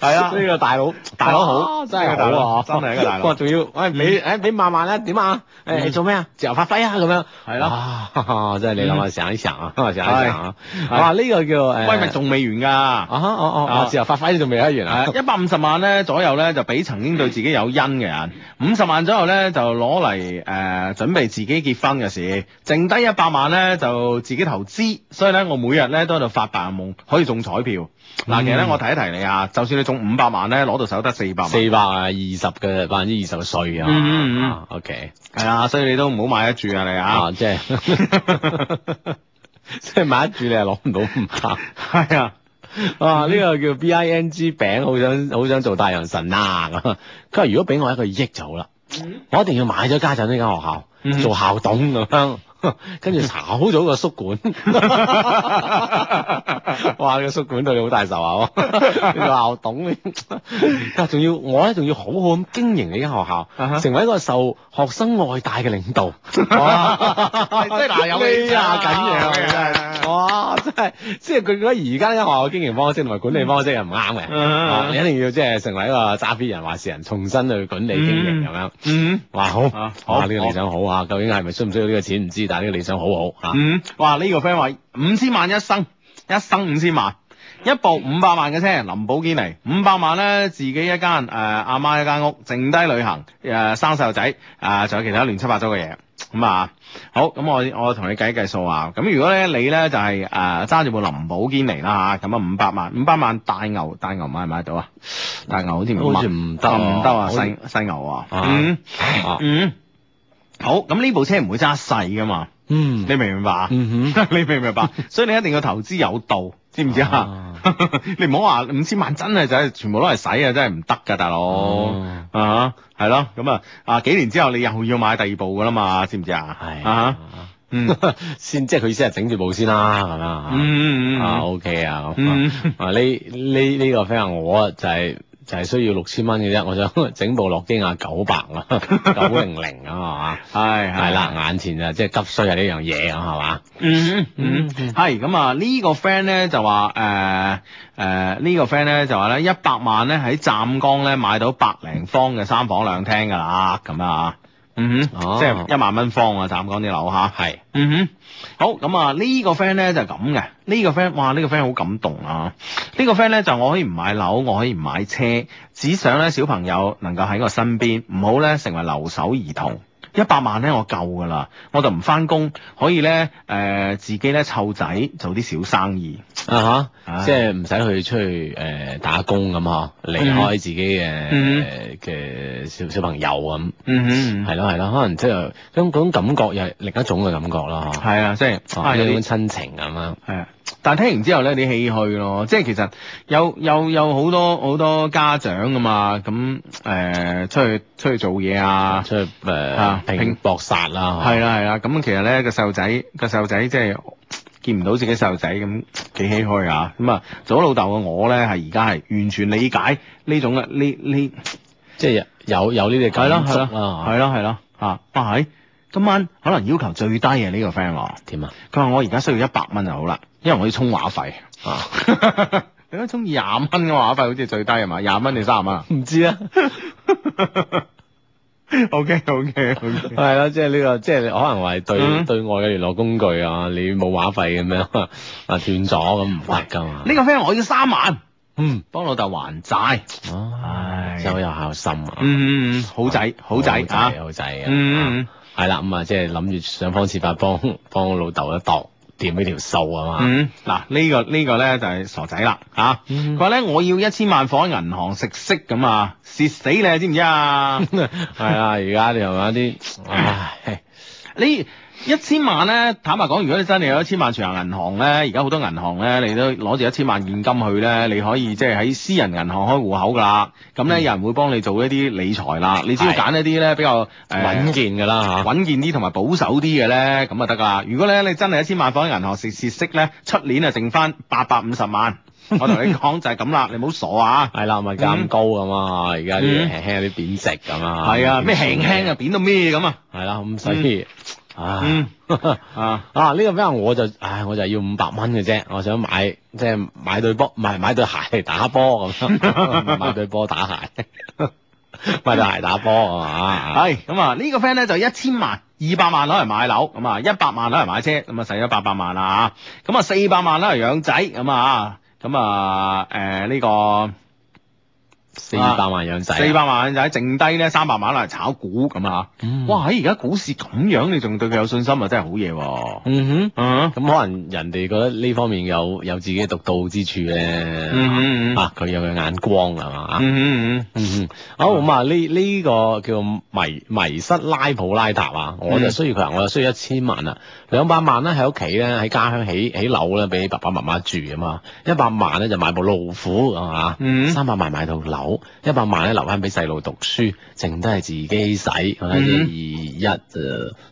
係啦，呢個大佬，大佬好，真係大佬真係一個大佬，仲要誒你誒俾慢慢啦？點啊？誒做咩啊？自由發揮啊！咁樣係咯，真係你諗下想一想啊，想一想啊！哇！呢個叫誒，喂，咪仲未完㗎？哦哦，自由發揮仲未開完啊？一百五十萬咧左右咧，就俾曾經對自己有恩嘅人；五十萬左右咧就攞嚟誒準備自己結婚嘅事；剩低一百萬咧就自己投資。所以咧我每日咧都喺度發達。可以中彩票嗱、啊，其實咧、嗯、我提一提你啊，就算你中五百萬咧，攞到手得四百萬。四百啊，二十嘅百分之二十嘅稅啊。嗯嗯 O、嗯、K。係啊 Okay.、哎，所以你都唔好買得住啊你啊。即係，即係買得住你又攞唔到五百萬。係啊，哇，呢個叫 B I N G 餅，好想好想做大陽神啊咁。佢話如果俾我一個億就好啦，我一定要買咗家長呢間學校做校董咁。嗯跟住炒咗個宿管， 哇！這個宿管對你好大仇啊！哇， 懂？ 但仲要我咧，仲要好好咁經營你間學校，uh huh. 成為一個受學生愛戴嘅領導。即係嗱，有你揸緊嘢，真係哇！真係即係佢覺得而家啲學校經營方式同埋管理方式係唔啱嘅，你一定要即係成為一個揸飛人、話事人，重新去管理經營咁樣。哇！好，好呢、這個理想好啊！究竟係咪需唔需要呢個錢，唔知。呢個理想好好嚇，啊、嗯，哇呢、這個 friend 話五千萬一生，一生五千萬，一部五百萬嘅車，林寶堅尼，五百萬咧自己一間誒阿、呃、媽，媽一間屋，剩低旅行誒、呃、生細路仔，誒、呃、仲有其他亂七八糟嘅嘢，咁啊好，咁我我同你計一計數啊，咁如果咧你咧就係誒揸住部林寶堅尼啦嚇，咁啊五百萬，五百萬大牛大牛買唔買得到啊？大牛好似唔得，唔得啊犀犀西很牛啊，嗯啊嗯。嗯好，咁呢部車唔會揸細噶嘛？嗯，你明唔、嗯、哼 明白啊？你明唔明白？所以你一定要投資有道，知唔知啊？啊 你唔好話五千萬真係就係全部攞嚟使啊，真係唔得噶，大佬啊，係咯？咁啊啊，幾年之後你又要買第二部噶啦嘛？知唔知啊？係、哎、呀啊， 先即係佢先係整住部先啦，係咪、嗯嗯、啊？Okay, 嗯 OK 啊，啊呢呢呢個 friend 我就係、是。就係需要六千蚊嘅啫，我想整部諾基亞九百啊，九零零啊，係嘛？係係啦，眼前就即係急需啊呢樣嘢啊，係嘛？嗯嗯，係咁啊，呢個 friend 咧就話誒誒呢個 friend 咧就話咧一百萬咧喺湛江咧買到百零方嘅三房兩廳噶啦咁啊。嗯哼，即係一萬蚊方啊！湛江啲樓吓係嗯哼,是嗯哼好咁啊。個呢、就是呢個 friend 咧就係、這、咁嘅呢個 friend，哇呢個 friend 好感動啊！呢個、呢個 friend 咧就是、我可以唔買樓，我可以唔買車，只想咧小朋友能夠喺我身邊，唔好咧成為留守兒童。一百萬咧我夠㗎啦，我就唔翻工，可以咧誒、呃、自己咧湊仔做啲小生意啊嚇哈，唉即係唔使去出去誒、呃、打工咁呵，離開自己嘅嘅、嗯嗯呃、小小朋友咁，嗯哼、嗯嗯，係咯係咯，可能即係咁嗰種感覺又係另一種嘅感覺咯嚇，係啊，啊即係有種親情咁樣，係啊點。的但係聽完之後咧，你唏噓咯，即係其實有有有好多好多家長㗎嘛，咁、嗯、誒出去出去做嘢啊，出去誒、uh, 啊、拼搏拼拼殺啦、啊，係啦係啦，咁其實咧、個細路仔、個細路仔即係見唔到自己細路仔咁幾唏噓下，咁、那個、啊做咗老豆嘅我咧係而家係完全理解呢種嘅呢呢， 即係有有呢啲嘅。係咯係咯係咯係咯嚇拜。今晚可能要求最低嘅呢個 friend 我點啊？佢話我而家需要一百蚊就好啦，因為我要充話費啊。你充廿蚊嘅話費好似最低係嘛？廿蚊定三十蚊唔知啊。OK，OK，好嘅。係啦，即係呢個，即係可能話對對外嘅聯絡工具啊，你冇話費咁樣啊斷咗咁唔得噶嘛。呢個 friend 我要三萬，嗯，幫老豆還債。唉，真係有孝心啊。嗯嗯好仔好仔啊，好仔啊，嗯。係啦，咁、嗯，這個這個就是，啊，即係諗住想方設法幫幫老豆一度掂呢條數啊嘛。嗱，呢個呢個咧就係傻仔啦，吓！佢話咧我要一千萬放喺銀行食息咁啊，蝕死你 你知唔知啊？係啊，而家你係咪一啲，唉，你。一千萬咧，坦白講，如果你真係有一千萬存入銀行咧，而家好多銀行咧，你都攞住一千萬現金去咧，你可以即係喺私人銀行開戶口噶啦。咁咧，有人會幫你做一啲理財啦。你只要揀一啲咧比較誒穩、呃、健嘅啦，穩健啲同埋保守啲嘅咧，咁啊得噶啦。如果咧你真係一千萬放喺銀行蝕蝕息咧，出年啊剩翻，八百五十萬，我同你講就係咁啦， 你唔好傻啊。係啦、 嗯，咪咁高啊嘛，而家啲輕輕有啲貶值咁啊。係啊、嗯，咩輕輕啊貶到咩咁啊？係啦，咁所啊，嗯、啊啊呢、呢個 friend 我就唉我就要五百蚊嘅啫，我想買即係買對波唔係買，買對鞋嚟打波咁， 買對波打鞋，買對鞋打波 啊嘛，係咁啊呢個 friend 咧就一、是、千萬二百萬攞嚟買樓，咁啊一百萬攞嚟買車，咁啊使咗八百萬啦啊，咁啊四百萬攞嚟養仔咁啊，咁啊誒呢、呃呢個。四百萬樣仔，四百萬樣仔，剩低咧三百萬攞嚟炒股咁啊！哇，喺而家股市咁樣，你仲對佢有信心啊，真係好嘢喎！嗯哼，咁可能人哋覺得呢方面有有自己獨到之處咧。啊，佢有佢眼光係嘛？嗯好咁啊，呢呢個叫迷迷失拉普拉塔啊！我就需要佢我就需要一千萬啊。兩百萬咧喺屋企咧，喺家鄉起起樓咧，俾爸爸媽媽住啊嘛。一百萬咧就買部路虎係嘛？三百萬買套樓。好一百萬咧留翻俾細路讀書，剩都係自己使。二一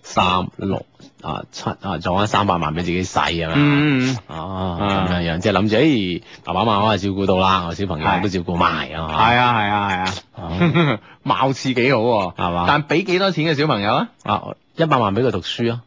三六啊七啊，仲有三百萬俾自己使係咪？嗯哦咁樣樣，即係諗住誒，爸爸媽媽照顧到啦，我小朋友都照顧埋啊嘛。係啊係啊係啊，貌似幾好係嘛？但俾幾多錢嘅小朋友啊？啊一百萬俾佢讀書啊！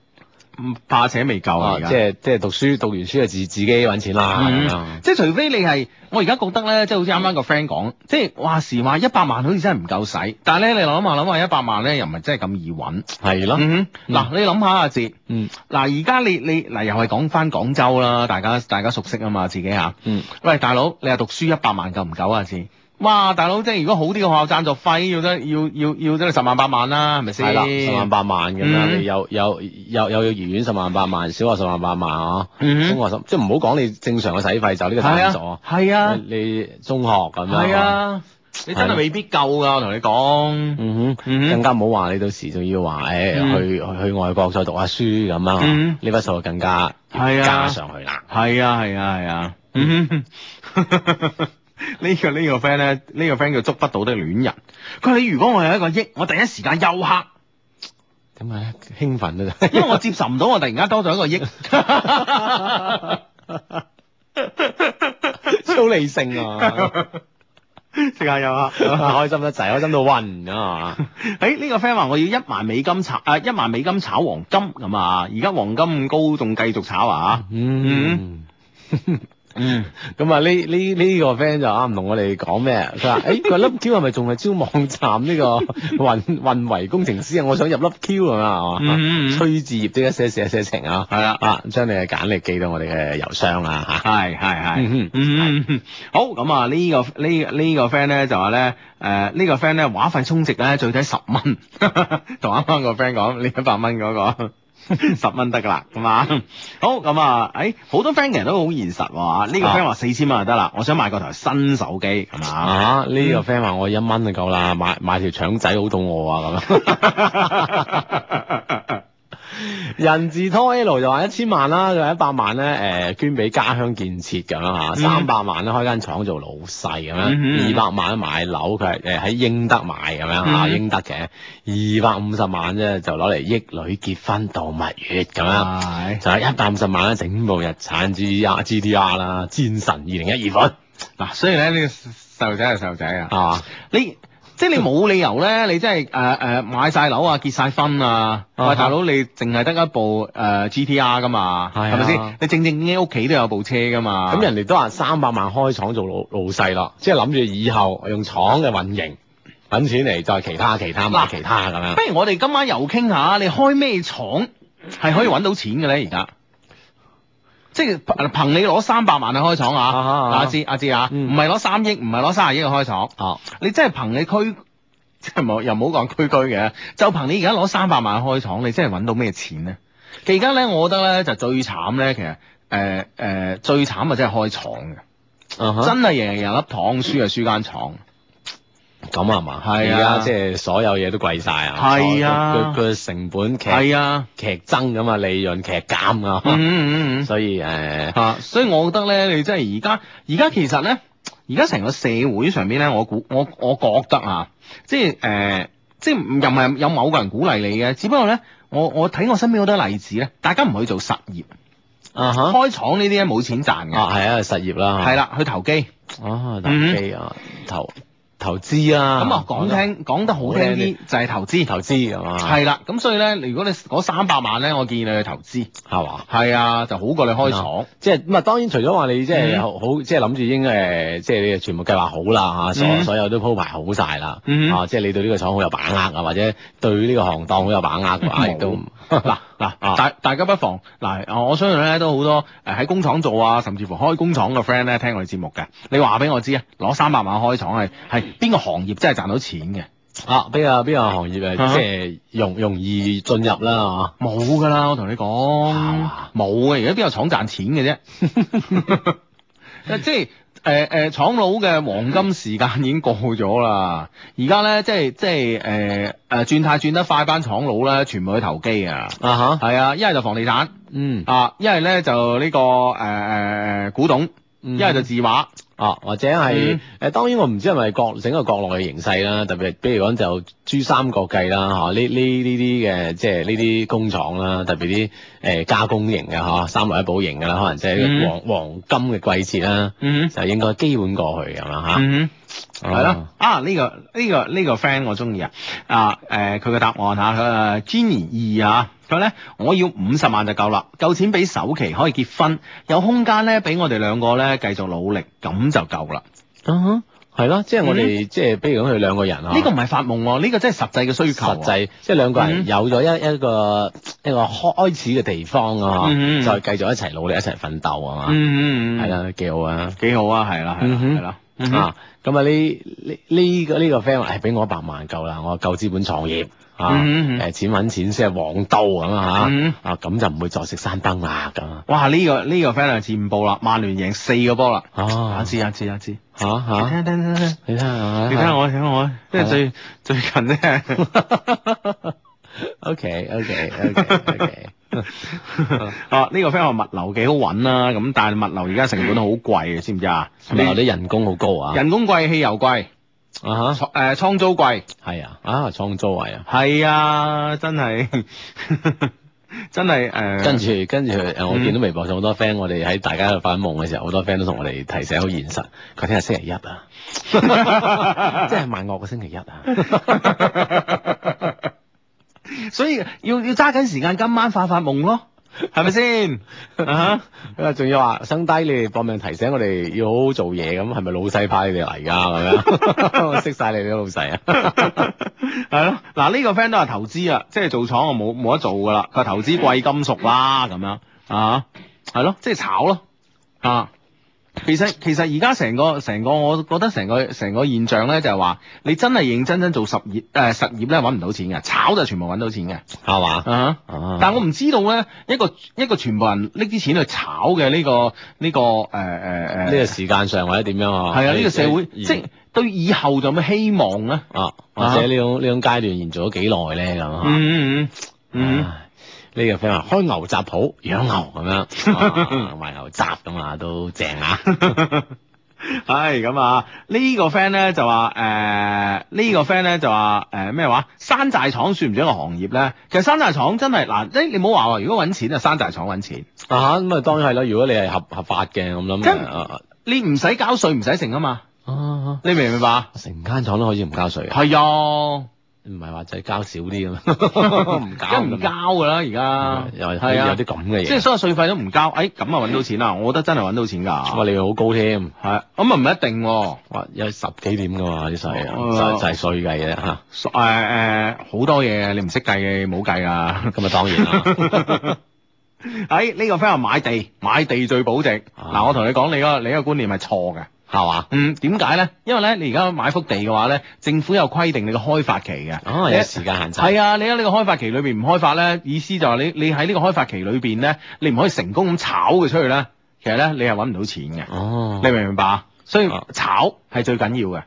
嗯，怕且未夠啊而家！即係即係讀書讀完書就自己自己搵錢啦。嗯嗯，即係除非你係，我而家覺得咧，即係好似啱啱個 friend 講，即係話時話一百萬好似真係唔夠使，但係咧你諗下諗下一百萬咧又唔係真係咁易搵。係咯，嗯哼。嗱你諗下阿志，嗯，嗱而家你你嗱又係講翻廣州啦，大家大家熟悉啊嘛自己吓。嗯。喂，大佬，你話讀書一百萬夠唔夠啊？志哇，大佬，即係如果好啲嘅學校贊助費要得，要要要得你十萬八萬啦，係咪先？係啦，十萬八萬咁你有有有有幼兒園十萬八萬，小學十萬八萬啊。中學十，即係唔好講你正常嘅使費，就呢個贊助啊，係啊，你中學咁樣，係啊，你真係未必夠㗎，我同你講。更加唔好話你到時仲要話誒去去外國再讀下書咁樣，呢筆數更加加上去啦。係啊，係啊，係啊。個呢、呢個呢個 friend 咧，呢個 friend 叫捉不到的戀人。佢話，你如果我有一個億，我第一時間又黑。咁啊？興奮啦！ 因為我接受唔到我突然間多咗一個億。 超理性啊！食 下又黑， 開心得滯，開心到暈咁啊！誒，呢個 friend 話我要一萬美金炒誒、啊，一萬美金炒黃金咁啊！而家黃金咁高，仲繼續炒啊？嗯。 嗯，咁啊呢呢呢個 friend 就啱唔同我哋講咩？佢話誒，佢、哎、love、這個、Q 係咪仲係招網站呢個運 運維工程師啊？我想入 love Q 咁啊哦，崔志業啲一些事一些情啊，係啦，啊將你嘅簡歷寄到我哋嘅郵箱啊吓，係係係，嗯嗯嗯，嗯嗯啊、好，咁啊呢個呢呢個 friend 咧就話咧誒呢個 friend 咧話費充值咧最低十蚊，同啱啱個 friend 講呢，一百蚊嗰個。這個這個這個 十蚊得噶啦，係嘛？好咁啊，誒、欸、好多 friend 嘅人都好現實喎、啊，呢、呢個 friend 話四千蚊就得啦，啊、我想買個台新手機，係嘛？啊呢、呢個 friend 話我一蚊就夠啦，買買條腸仔好肚餓啊咁樣。 人字拖 L 就話一千萬啦，就一百萬咧，誒捐俾家鄉建設咁啦吓，三百萬咧開間廠做老細咁樣，二百萬買樓，佢係誒喺英德買咁樣吓，英德嘅二百五十萬啫，就攞嚟益女結婚度蜜月咁樣，就一百五十萬咧整部日產 GTR 啦，戰神二零一二款。嗱，所以咧呢個細路仔係細路仔啊，係嘛？你？即係你冇理由咧，你真係誒誒買晒樓啊，結晒婚啊，喂、huh. 大佬你淨係得一部誒、呃、GTR 噶嘛，係咪先？你正正喺屋企都有部車噶嘛。咁、嗯、人哋都話三百萬開廠做老老細咯，即係諗住以後用廠嘅運營揾錢嚟做其他其他買其他咁樣。不如我哋今晚又傾下，你開咩廠係可以揾到錢嘅咧？而家。即係憑你攞三百萬去開廠啊，阿芝阿芝啊，唔係攞三億，唔係攞卅億去開,、哦、開廠。你真係憑你區即係冇又冇講區區嘅，就憑你而家攞三百萬去開廠，你真係揾到咩錢咧？而家咧，我覺得咧就最慘咧，其實誒誒、呃呃、最慘啊即係開廠嘅，uh huh. 真係日贏粒糖，輸啊輸間廠。咁啊嘛，係啊，即係所有嘢都貴晒啊！係啊，佢個成本劇係啊劇增咁啊，利潤劇減啊！嗯嗯，嗯，嗯 所以誒嚇、呃啊，所以我覺得咧，你真係而家而家其實咧，而家成個社會上邊咧，我估我我覺得啊，即係誒、呃、即係又唔係有某個人鼓勵你嘅，只不過咧，我我睇我身邊好多例子咧，大家唔去做實業啊嚇哈，開廠呢啲咧冇錢賺嘅啊係啊，實業啦係啦，去投機啊投機啊投。嗯投資啊，咁啊講聽講得好聽啲就係投資，投資係嘛？係啦，咁所以咧，如果你攞三百萬咧，我建議你去投資，係嘛？係啊，就好過你開廠，即係咁啊。當然除咗話你即係好，即係諗住已經誒，即係你全部計劃好啦嚇，所所有都鋪排好晒啦，啊，即係你對呢個廠好有把握啊，或者對呢個行當好有把握嘅話亦都嗱。嗱、啊啊，大大家不妨嗱、啊，我相信咧都好多誒喺、呃、工廠做啊，甚至乎開工廠嘅 friend 咧聽我哋節目嘅，你話俾我知啊，攞三百萬開廠係係邊個行業真係賺到錢嘅、啊啊？啊，比如邊個行業嘅，即係容容易進入啦？冇噶啦，我同你講，冇啊，而家邊個廠賺錢嘅啫？即係。誒誒，廠佬嘅黃金時間已經過咗啦，而家咧即係即係誒誒，轉態轉得快，班廠佬咧全部去投機、uh huh. 啊！啊吓，係啊，一係就房地產，嗯、mm. 啊，一係咧就呢個誒誒誒古董，一係就字畫。Mm hmm. 哦、啊，或者係，誒、嗯呃，當然我唔知係咪國整個國內嘅形勢啦，特別比如講就珠三角計啦，吓呢呢呢啲嘅，即係呢啲工廠啦，特別啲誒加工型嘅嗬、啊，三來一補型嘅啦，可能即係黃、嗯、黃金嘅季節啦，嗯、就應該基本過去係嘛吓？啊嗯嗯係咯啊，呢個呢個呢個 friend 我中意啊，啊誒佢嘅答案吓，佢啊 Jenny 二，啊佢咧，我要五十萬就夠啦，夠錢俾首期，可以結婚有空間咧，俾我哋兩個咧繼續努力，咁就夠啦哼，係咯，即係我哋即係比如講佢兩個人啊，呢個唔係發夢，呢個真係實際嘅需求，實際即係兩個人有咗一一個一個開始嘅地方啊，嗬就繼續一齊努力一齊奮鬥啊嘛，嗯係啦，幾好啊幾好啊，係啦係啦係啦。啊，咁啊，呢呢呢個呢個 friend 話，誒，俾我一百萬夠啦，我夠資本創業啊，誒，錢揾錢先係王道咁啊吓，啊，咁就唔會再食山燈啦咁。哇，呢個呢個 friend 又進步啦，曼聯贏四個波啦，啊，知啊知啊知，吓吓，你聽聽聽聽，你聽下，你聽我聽我，因為最最近咧，OK OK OK OK。哦，呢、 啊呢個 friend 話物流幾好揾啦，啊，咁但係物流而家成本都好貴嘅，知唔知啊？物流啲人工好高啊，人工貴，汽油貴，啊哈，誒倉租貴，係啊，啊倉租貴啊，係啊，真係， 真係誒、呃。跟住跟住誒，我見到微博上好多 friend，嗯、我哋喺大家度發緊夢嘅時候，好多 friend 都同我哋提醒好現實，佢聽日星期一啊，即係萬惡嘅星期一啊。 所以要要揸緊時間今晚發發夢咯，係咪先啊？仲 要話生低你哋搏命提醒我哋要好好做嘢咁，係咪老細派你哋嚟噶咁樣識晒你哋老細啊？係咯，嗱呢個 friend 都係投資啊，即係做廠我冇冇得做噶啦佢投資貴金屬啦咁樣啊，係咯，即係炒咯啊。其實其實而家成個成個，個我覺得成個成個現象咧，就係、是、話你真係認真真做實業誒實業咧，揾唔到錢嘅，炒就全部揾到錢嘅，係嘛吧啊？但係我唔知道咧，一個一個全部人拎啲錢去炒嘅呢、這個呢、這個誒誒誒呢個時間上或者點樣啊？係啊你，呢個社會你即係對以後就有咩希望咧？啊，啊或者呢種呢、啊、種階段延續咗幾耐咧咁啊？嗯嗯嗯。呢個 friend 話開牛雜鋪，養牛咁樣賣、啊、 牛雜噶嘛，都正啊！係咁啊，呢個 friend 咧就話誒，呢、呃呢個 friend 咧就話誒咩話？山寨廠算唔算一個行業咧？其實山寨廠真係嗱，即、啊、你唔好話，如果揾錢啊，山寨廠揾錢啊，咁啊當然係咯，如果你係合合法嘅，咁諗咁你唔使交稅，唔使剩啊嘛，啊啊你明唔明白？成間廠都可以唔交稅啊？係啊！唔係話就係交少啲啊嘛，梗係唔交㗎啦而家，有有啲咁嘅嘢，即係所有稅費都唔交，哎咁啊揾到錢啦！我覺得真係揾到錢㗎、啊，哇！你又好高添，係咁啊唔一定喎、啊，哇！有十幾點㗎嘛啲稅，稅稅稅計嘅。嚇，誒誒好多嘢你唔識計嘅冇計㗎，咁啊當然啦、 哎。喺、這、呢個 friend 買地，買地最保值。嗱、啊、我同你講，你個你個觀念係錯嘅。係嘛？嗯，點解咧？因為咧，你而家買幅地嘅話咧，政府有規定你嘅開發期嘅，哦、oh, yes, 你，有時間限制。係啊，你喺呢個開發期裏邊唔開發咧，意思就係你你喺呢個開發期裏邊咧，你唔可以成功咁炒佢出去咧。其實咧，你係搵唔到錢嘅。哦，oh. 你明唔明白啊？所以炒係最緊要嘅。